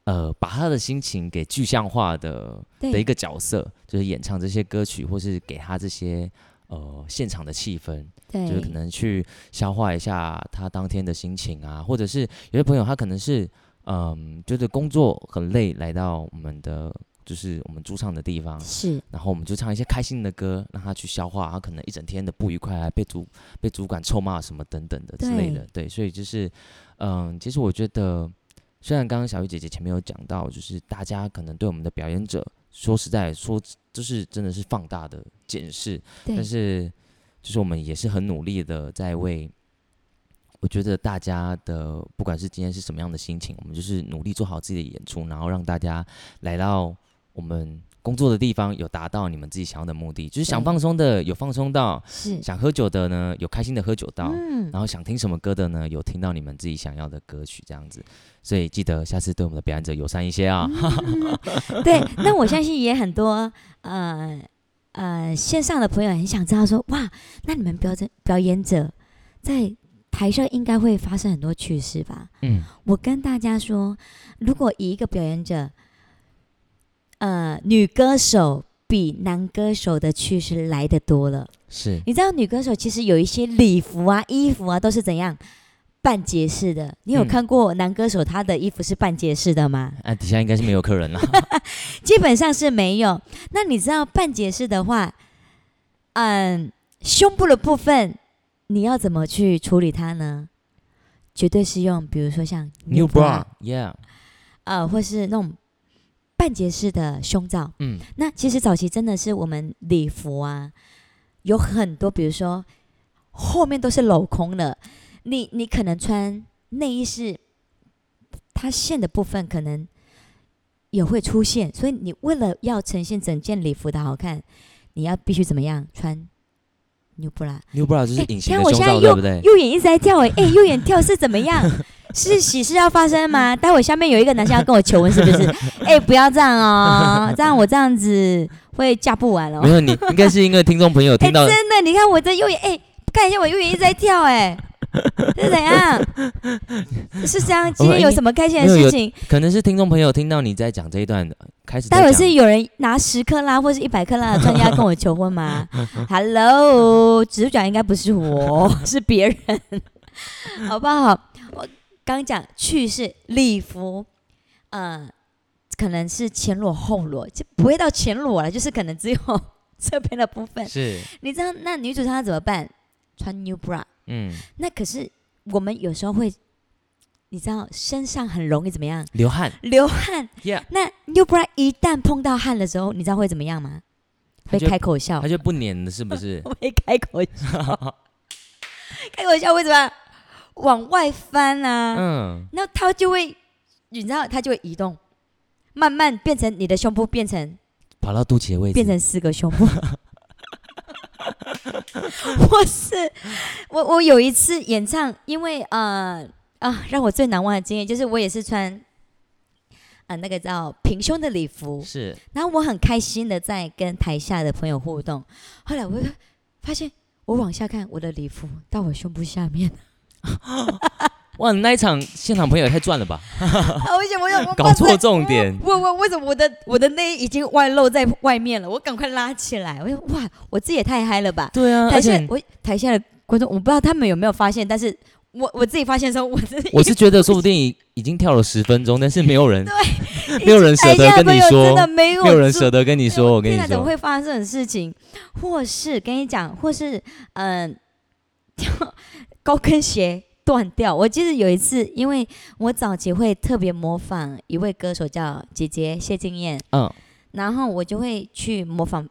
嗯、呃，把他的心情給具象化的對的一個角色，就是演唱這些歌曲，或是給他這些呃現場的氣氛，對就是可能去消化一下他當天的心情啊，或者是有些朋友他可能是嗯、呃，就是工作很累，來到我們的。就是我們駐唱的地方，是，然後我們就唱一些開心的歌，讓他去消化，他可能一整天的不愉快，被主被主管臭罵什麼等等的之類的，對，對，所以就是，嗯，其實我覺得，雖然剛剛曉玉姐姐前面有講到，就是大家可能對我們的表演者，說實在說，就是真的是放大的檢視，對但是就是我們也是很努力的在為，我覺得大家的不管是今天是什麼樣的心情，我們就是努力做好自己的演出，然後讓大家來到。我們工作的地方，有達到你們自己想要的目的，就是想放鬆的有放鬆到，是想喝酒的呢有開心的喝酒到，嗯，然後想聽什麼歌的呢有聽到你們自己想要的歌曲這樣子，所以記得下次對我們的表演者友善一些啊。哦，嗯嗯。對，那我相信也很多呃呃線上的朋友很想知道說哇，那你們表演表演者在台上應該會發生很多趣事吧？嗯，我跟大家說，如果以一個表演者。呃，女歌手比男歌手的趣事來得多了。是，你知道女歌手其實有一些禮服啊、衣服啊，都是怎樣半截式的。你有看過男歌手他的衣服是半截式的嗎、嗯？啊，底下應該是沒有客人了。 基本上是沒有。那你知道半截式的話，嗯、呃，胸部的部分你要怎麼去處理它呢？絕對是用，比如說像 new bra，yeah，bra, 呃，或是那種。半截式的胸罩，嗯，那其實早期真的是我們禮服啊，有很多，比如說後面都是鏤空的，你你可能穿內衣是它線的部分可能也會出現，所以你為了要呈現整件禮服的好看，你要必須怎麼樣穿？牛布拉，牛布拉就是隱形的，收到、欸、你看我現在右，對對右眼一直在跳哎、欸欸，右眼跳是怎麼樣？ 是喜事要發生嗎？待會下面有一個男生要跟我求婚是不是？哎、 欸，不要這樣哦、喔，這樣我這樣子會嫁不完了、喔。沒有，你應該是因為聽眾朋友聽到、 欸、真的，你看我這右眼哎。欸看一下，我右眼一直在跳、欸，哎， 是怎樣？是這樣，今天有什麼開心的事情？欸、可能是聽眾朋友聽到你在講這一段，開始。待會是有人拿十克拉或是一百克拉的鑽戒跟我求婚嗎 ？Hello，主角應該不是我， 是別人，好不好？我剛講去是禮服，嗯、呃，可能是前裸後裸，就不會到前裸了，就是可能只有這邊的部分。是，你知道那女主她怎麼辦？穿 new bra，嗯，那可是我們有時候會，你知道身上很容易怎麼樣？流汗。流汗。Yeah. 那 new bra 一旦碰到汗的時候，你知道會怎麼樣嗎？會開口笑。他就不粘了，是不是？會 開口笑。 開口笑為什麼？往外翻啊。嗯。那它就會，你知道它就會移動，慢慢變成你的胸部變成跑到肚臍的位置，變成四個胸部。 我是我，我有一次演唱，因為、呃、啊，讓我最難忘的經驗就是，我也是穿啊、呃、那個叫平胸的禮服，是，然後我很開心的在跟台下的朋友互動，後來我發現我往下看，我的禮服到我胸部下面。啊 哇！那一場現場朋友也太賺了吧！好危險！我搞錯重點。 我我為什麼我的我的內衣已經外露在外面了？我趕快拉起來！我說哇，我自己也太嗨了吧！對啊，台下而且我台下的觀眾我不知道他們有沒有發現，但是我我自己發現的時候，我自己，我是覺得說不定已經跳了十分鐘， 但是沒有人對，沒有人捨得跟你說，的真的沒有，沒有人捨得跟你說。我跟你講，怎麼會發生這種事情？或是跟你講，或是嗯、呃，跳高跟鞋。斷掉！我記得有一次，因為我早期會特別模仿一位歌手，叫姐姐謝金燕。嗯。Oh. 然後我就會去模仿、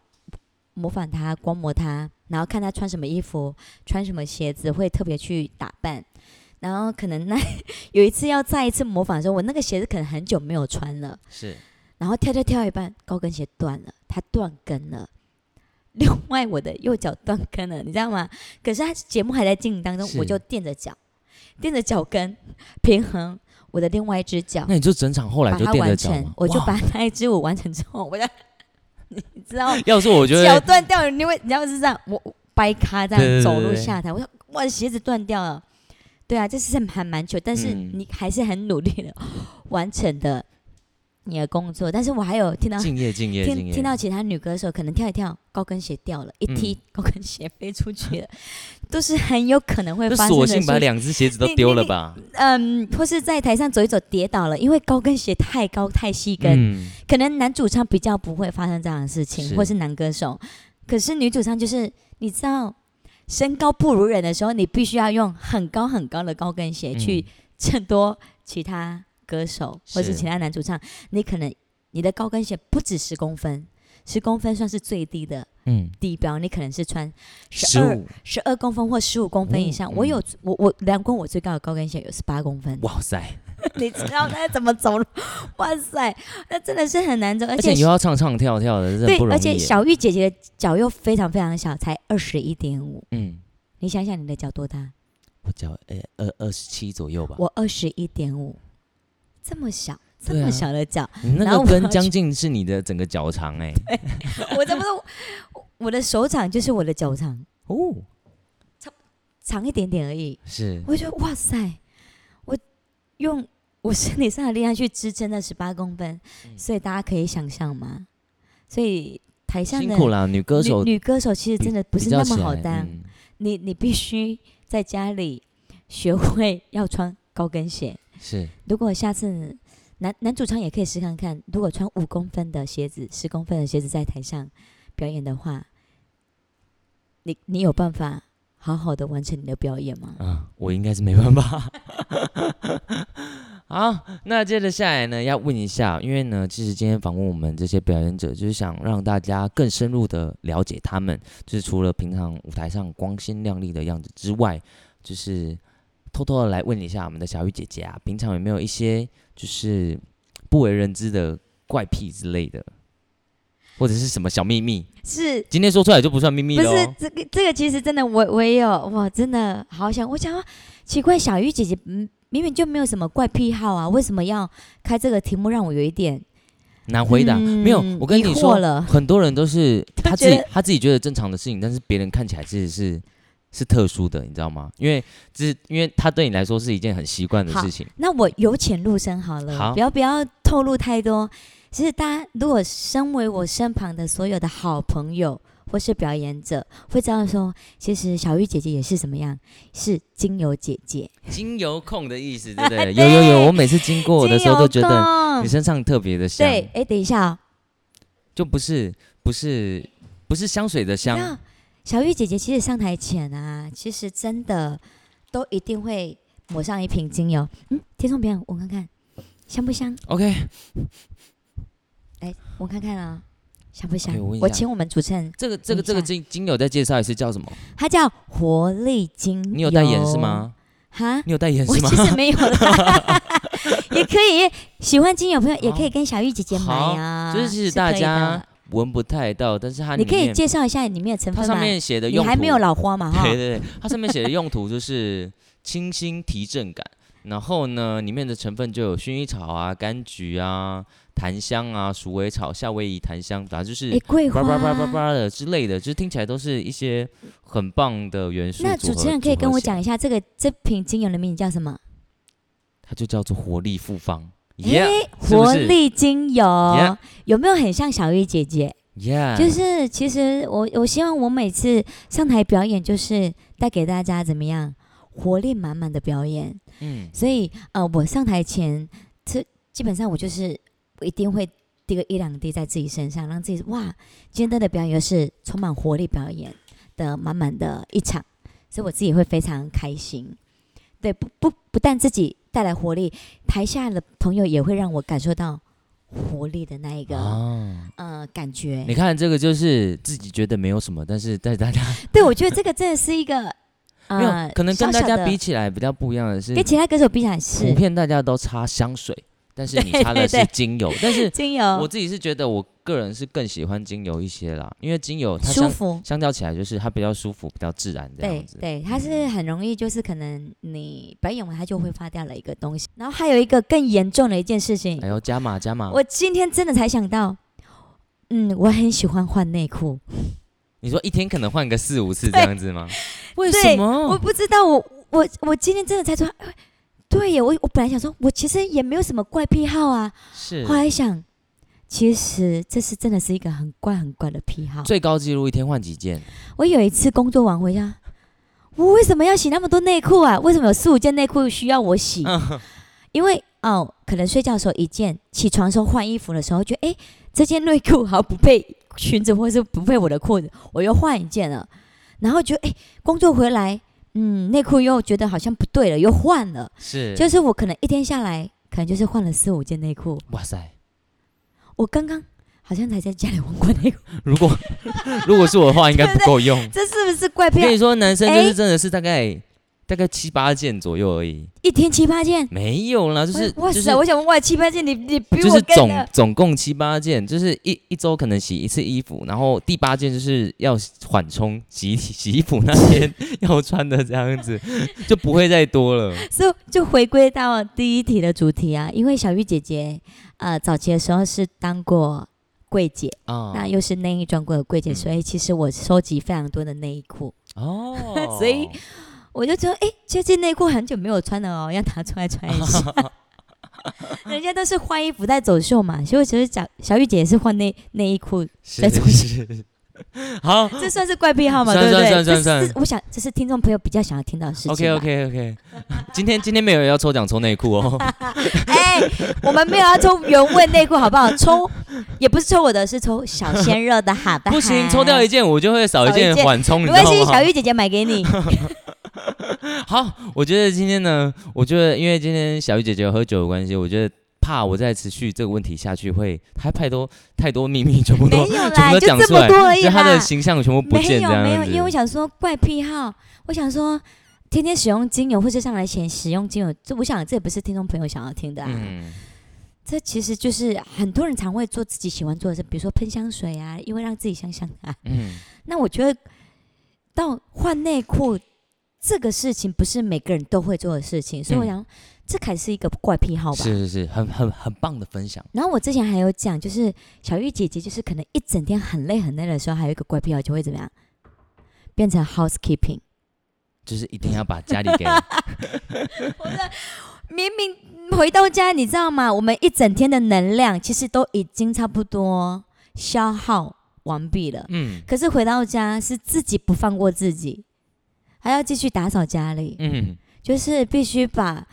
模仿她、觀摩她，然後看她穿什麼衣服、穿什麼鞋子，會特別去打扮。然後可能那有一次要再一次模仿的時候，我那個鞋子可能很久沒有穿了。是。然後跳跳跳一半，高跟鞋斷了，它斷跟了。另外，我的右腳斷跟了，你知道嗎？可是她節目還在進行當中，是我就墊着腳。墊着腳跟平衡我的另外一隻腳，那你就整場後來就墊把它完成，完成哇我就把那一支舞完成之後，我要你知道，要說我覺得腳斷掉，了，你會，你要是這樣，我掰咔這樣走路下台，對對對對，我說我的鞋子斷掉了，對啊，這事還蠻糗。但是你還是很努力的、嗯、完成的。你的工作，但是我還有聽到，聽到其他女歌手可能跳一跳，高跟鞋掉了，一踢、嗯、高跟鞋飛出去了， 都是很有可能會發生的事情。索性把兩隻鞋子都丟了吧？嗯，或是在台上走一走跌倒了，因為高跟鞋太高太細跟，嗯、可能男主唱比較不會發生這樣的事情，是或是男歌手，可是女主唱就是你知道身高不如人的時候，你必須要用很高很高的高跟鞋去襯托其他，歌手或者是其他男主唱，是你可能你的高跟鞋不止十公分，十公分算是最低的，嗯，底標你可能是穿十五、十二公分或十五公分以上。哦嗯、我有我我量過我最高的高跟鞋有十八公分。哇塞！ 你知道他怎麼走？ 哇塞，那真的是很難走，而且，而且你要唱唱跳跳的，的對，而且曉玉姐姐的腳又非常非常小，才二十一點五。嗯，你想想你的腳多大？我腳呃、欸，二二十七左右吧。我二十一點五。這麼小，啊、這麼小的腳，然那個跟將近是你的整個腳長哎、欸。我這麼說？我的手掌就是我的腳長哦，差長,長一點點而已。是，我覺得哇塞，我用我身體上的力量去支撐那十八公分，是所以大家可以想象嗎。所以台上的辛苦啦女歌手女，女歌手其實真的不是那麼好當。嗯、你你必須在家裡學會要穿高跟鞋。是，如果下次男男主唱也可以試看看，如果穿五公分的鞋子、十公分的鞋子在台上表演的話，你你有辦法好好的完成你的表演嗎？啊、嗯，我應該是沒辦法。 好，那接着下來呢，要問一下，因為呢，其實今天訪問我們這些表演者，就是想讓大家更深入的了解他們，就是除了平常舞台上光鮮亮麗的樣子之外，就是。偷偷的來問一下我們的曉玉姐姐啊，平常有沒有一些就是不為人知的怪癖之類的，或者是什麼小秘密？是今天說出來就不算秘密了。不是這個這個，這個、其實真的我我也有哇，真的好想我想說奇怪，曉玉姐姐嗯，明明就沒有什麼怪癖好啊，為什麼要開這個題目讓我有一點難回答？嗯、沒有，我跟你說了，很多人都是他，他自己他自己覺得正常的事情，但是別人看起來其實是。是特殊的，你知道嗎？因為這，因為他對你來說是一件很習慣的事情。好，那我由淺入深好了，好，不要不要透露太多。其實大家如果身為我身旁的所有的好朋友或是表演者，會知道說：其實小玉姐姐也是怎麼樣？是精油姐姐，精油控的意思，對不對？ 對有有有，我每次經過的時候都覺得你身上特別的香。對，哎，等一下哦，就不是不是不是香水的香。小玉姐姐其實上台前啊，其實真的都一定會抹上一瓶精油。嗯，聽眾朋友，我看看香不香？OK。哎、欸，我看看啊，香不香？Okay, 我，我請我們主持人這個這個這個精精油再介紹一次，叫什麼？它叫活力精油。你有代言是嗎？哈，你有代言是嗎？其實沒有啦。 也可以，喜歡精油朋友也可以跟小玉姐姐買啊。就是其實大家。聞不太到，但是它你可以介紹一下裡面的成分，它上面寫的用途，你還沒有老花嘛？哈，對對對， 它上面寫的用途就是清新提振感。 然後呢，裡面的成分就有薰衣草啊、柑橘啊、檀香啊、鼠尾草、夏威夷檀香、啊，反正就是叭叭叭叭叭的之類的，就是、聽起來都是一些很棒的元素。那主持人可以跟我講一下這個這瓶精油的名字叫什麼？它就叫做活力複方。耶，活力精油 Yeah. 有沒有很像小玉姐姐？Yeah. 就是其實我我希望我每次上台表演，就是帶給大家怎麼樣活力滿滿的表演。嗯，所以呃，我上台前，這基本上我就是我一定會滴個一兩滴在自己身上，讓自己哇今天的表演又是充滿活力表演的滿滿的一場，所以我自己會非常開心。對，不不不但，自己帶來活力，台下的朋友也會讓我感受到活力的那一個，啊、呃，感覺。你看這個就是自己覺得沒有什麼，但是帶大家。對，我覺得這個真的是一個， 呃、沒有可能跟大家小小比起來比較不一樣的是，跟其他歌手比起來是，普遍大家都擦香水。但是你擦的是精油。對對對，但是精油我自己是覺得，我個人是更喜歡精油一些啦，油因為精油它是相，服相較起來就是它比較舒服、比較自然的。對對，嗯、它是很容易，就是可能你白用完它就會發掉了一個東西。嗯、然後還有一個更嚴重的一件事情，還有加碼加碼。加碼我今天真的才想到，嗯，我很喜歡換內褲。你說一天可能換個四五次這樣子嗎？為什麼我不知道？我我我今天真的才說。對呀，我我本來想說，我其實也沒有什麼怪癖好啊。是。後來想，其實這是真的是一個很怪很怪的癖好。最高紀錄一天換幾件？我有一次工作完回家，我為什麼要洗那麼多內褲啊？為什麼有四五件內褲需要我洗？嗯、因為哦，可能睡覺的時候一件，起床的時候換衣服的時候覺得，哎，這件內褲好不配裙子，或是不配我的褲子，我又換一件了。然後覺得，哎，工作回來。嗯，內褲又覺得好像不對了，又換了。是，就是我可能一天下來，可能就是換了四五件內褲。哇塞，我剛剛好像才在家裡換過內褲。如果 如果是我的話應該，應該不夠用。這是不是怪癖？跟你說，男生就是真的是大概、欸。大概七八件左右而已，一天七八件沒有啦，就是我想問，問七八件，你你不用就是總總共七八件，就是一一周可能洗一次衣服，然後第八件就是要緩衝集體洗，洗衣服那天要穿的這樣子， 就不會再多了。所以、so, 就回歸到第一題的主題啊，因為小玉姐姐呃早期的時候是當過櫃姐，oh. 那又是內衣專櫃的櫃姐，嗯、所以其實我收集非常多的內衣褲哦，oh. 所以。我就覺得，哎，這件內褲很久沒有穿了哦，要拿出來穿一下。人家都是換衣服在走秀嘛，所以其實小曉玉姐是換內內衣褲在走秀。好，這算是怪癖號嘛？對不對？我想這是聽眾朋友比較想要聽到的事情。OK OK OK，今天今天沒有要抽獎抽內褲哦。哎，我們沒有要抽原味內褲好不好？抽也不是抽我的，是抽小鮮肉的，好吧，不行，抽掉一件我就會少一件緩衝，你知道嗎？沒關係，是曉玉姐姐買給你。好，我覺得今天呢，我覺得因為今天曉玉姐姐喝酒的關係，我覺得怕我再持續這個問題下去會，會還太多太多秘密全部都沒有啦，全部講出來，就這麼多而已，她的形象全部不見，沒有沒有。因為我想說怪癖好，我想說天天使用精油，或是上來前使用精油，這我想這也不是聽眾朋友想要聽的啊。嗯、這其實就是很多人常會做自己喜歡做的事，比如說噴香水啊，因為讓自己香香啊。嗯，那我覺得到換內褲。這個事情不是每個人都會做的事情，所以我想，嗯、這還是一個怪癖好吧？是是是，很很很棒的分享。然後我之前還有講，就是小玉姐姐，就是可能一整天很累很累的時候，還有一個怪癖，就會怎麼樣，變成 housekeeping，就是一定要把家裡給。我說，明明回到家，你知道嗎？我們一整天的能量其實都已經差不多消耗完畢了。嗯。可是回到家，是自己不放過自己。還要繼續打掃家裡，嗯，就是必須把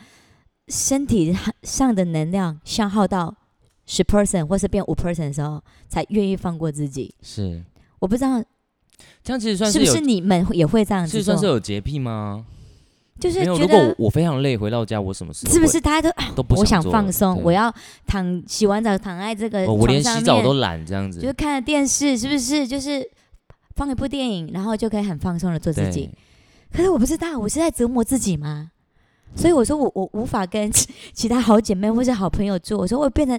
身體上的能量消耗到十 percent 或是變五 percent 的時候，才願意放過自己。是，我不知道，這樣其實算是不是你們也會這樣？是算是有潔癖嗎？就是如果我非常累回到家，我什麼事是不是大家都都不想放鬆？我要躺洗完澡躺在這個床上面，我連洗澡都懶，這樣子就是看了電視，是不是就是放一部電影，然後就可以很放鬆的做自己。可是我不知道，我是在折磨自己嗎？所以我說我我無法跟其,其他好姐妹或是好朋友住。我說我變成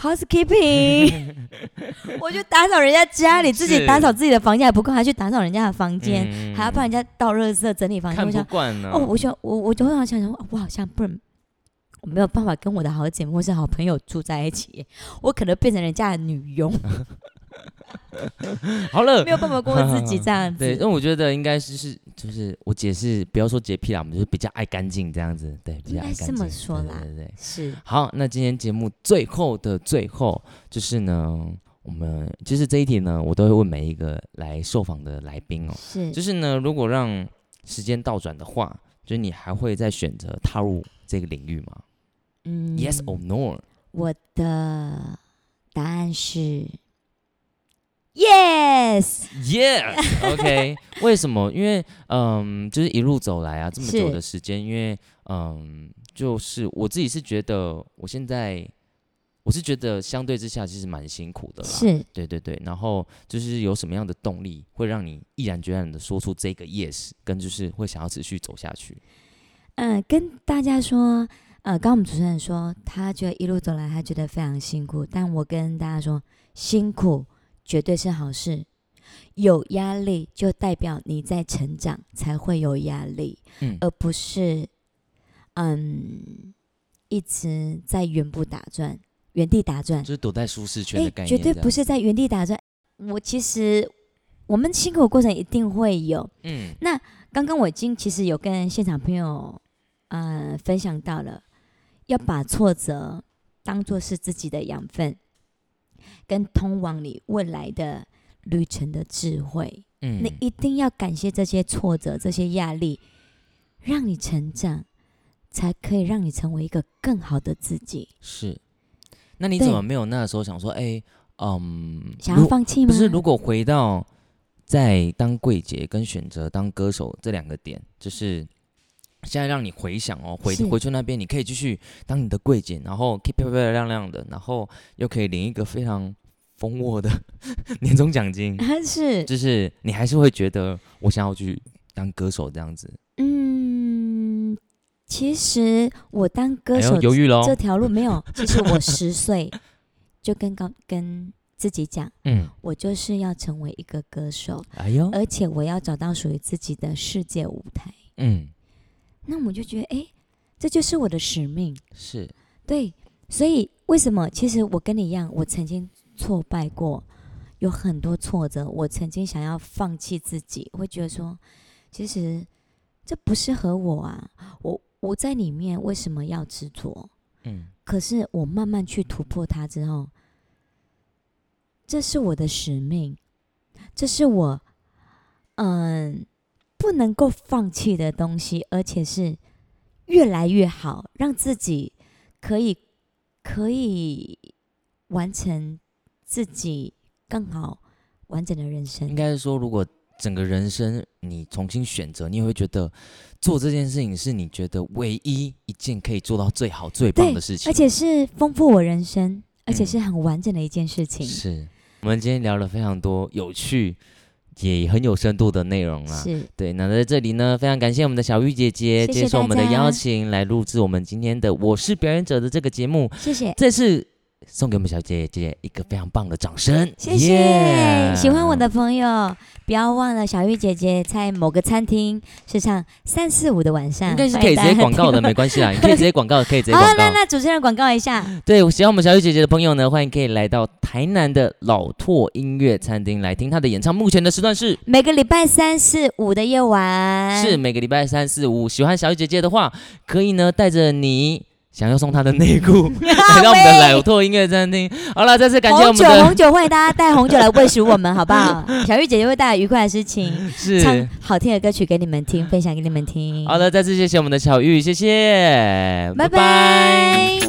housekeeping， 我就打掃人家家裡，自己打掃自己的房間還不夠，是還去打掃人家的房間，嗯、還要幫人家倒熱水、整理房間。看不慣了。我想哦，我想我我就會好想想，我好像不能，我沒有辦法跟我的好姐妹或是好朋友住在一起。我可能變成人家的女傭。 好了， 沒有辦法過問自己這樣子。 對，因為我覺得應該是是就是、就是、我解釋，不要說潔癖啦，我們就是比較愛乾淨這樣子。對，比較愛乾淨應該這麼說啦。對對對，是。好，那今天節目最後的最後，就是呢，我們其實、就是、這一題呢，我都會問每一個來受訪的來賓哦、喔。是。就是呢，如果讓時間倒轉的話，就是你還會再選擇踏入這個領域嗎？嗯。Yes or no？我的答案是。Yes, Yes. OK. 為什麼？因為嗯，就是一路走來啊，這麼久的時間，是因為嗯，就是我自己是覺得，我現在我是覺得相對之下其實蠻辛苦的啦。是對對對。然後就是有什麼樣的動力會讓你毅然決然的說出這個 Yes，跟就是會想要持續走下去？嗯、呃，跟大家說，呃，剛剛我們主持人說，他覺得一路走來他覺得非常辛苦，但我跟大家說，辛苦。絕對是好事，有壓力就代表你在成長，才會有壓力，嗯、而不是嗯一直在原步打轉，原地打轉就是躲在舒適圈的感覺，欸，絕對不是在原地打轉。我其實我們辛苦的過程一定會有，嗯，那剛剛我已經其實有跟現場朋友嗯、呃、分享到了，要把挫折當做是自己的養分。跟通往你未來的旅程的智慧，嗯，你一定要感謝這些挫折，這些壓力，讓你成長，才可以讓你成為一個更好的自己。是，那你怎麼沒有那時候想說，對哎，嗯，想要放棄嗎？就是如果回到在當櫃姐跟選擇當歌手這兩個點，就是。現在讓你回想哦，回回去那邊，你可以繼續當你的櫃姐，是然後 keep 漂漂亮亮的，然後又可以領一個非常豐沃的年終獎金。還是就是你還是會覺得我想要去當歌手這樣子？嗯，其實我當歌手沒、哎、猶豫了、哦。這條路沒有，其實我十歲 就跟剛跟自己講，嗯，我就是要成為一個歌手。哎呦，而且我要找到屬於自己的世界舞台。嗯。那我就覺得，誒、欸，這就是我的使命。是，對，所以為什麼？其實我跟你一樣，我曾經挫敗過，有很多挫折，我曾經想要放棄自己，會覺得說，其實這不適合我啊，我我在裡面為什麼要執着？嗯，可是我慢慢去突破它之後，這是我的使命，這是我，嗯、呃。不能夠放棄的東西，而且是越來越好，讓自己可以可以完成自己更好完整的人生。應該是說，如果整個人生你重新選擇，你也會覺得做這件事情是你覺得唯一一件可以做到最好、最棒的事情，而且是豐富我人生，而且是很完整的一件事情。嗯，是。我們今天聊了非常多有趣，也很有深度的內容啦是，對。那在這裡呢，非常感謝我們的曉玉姐姐接受我們的邀請來錄制我們今天的《我是表演者》的這個節目，謝謝。這是。送給我們小玉姐姐一個非常棒的掌聲，謝謝！Yeah, 喜歡我的朋友，嗯、不要忘了小玉姐姐在某個餐廳是唱三四五的晚上，是可以直接廣告的，吧沒關係啦，吧你可以直接廣告， 可以直接廣告。好、哦，那那主持人廣告一下，對，我喜歡我們小玉姐姐的朋友呢，歡迎可以來到台南的老拓音樂餐廳來聽她的演唱。目前的時段是每個禮拜三四五的夜晚，是每個禮拜三四五。喜歡小玉姐姐的話，可以呢帶着你。想要送他的內褲，來， 到我們的老拓音樂餐廳好了，再次感謝我們的紅酒，紅酒會大家帶紅酒來餵食我們，好不好？ 小玉姐姐會帶來愉快的事情，是唱好聽的歌曲給你們聽，分享給你們聽。好的，再次謝謝我們的小玉，謝謝，bye bye 拜拜。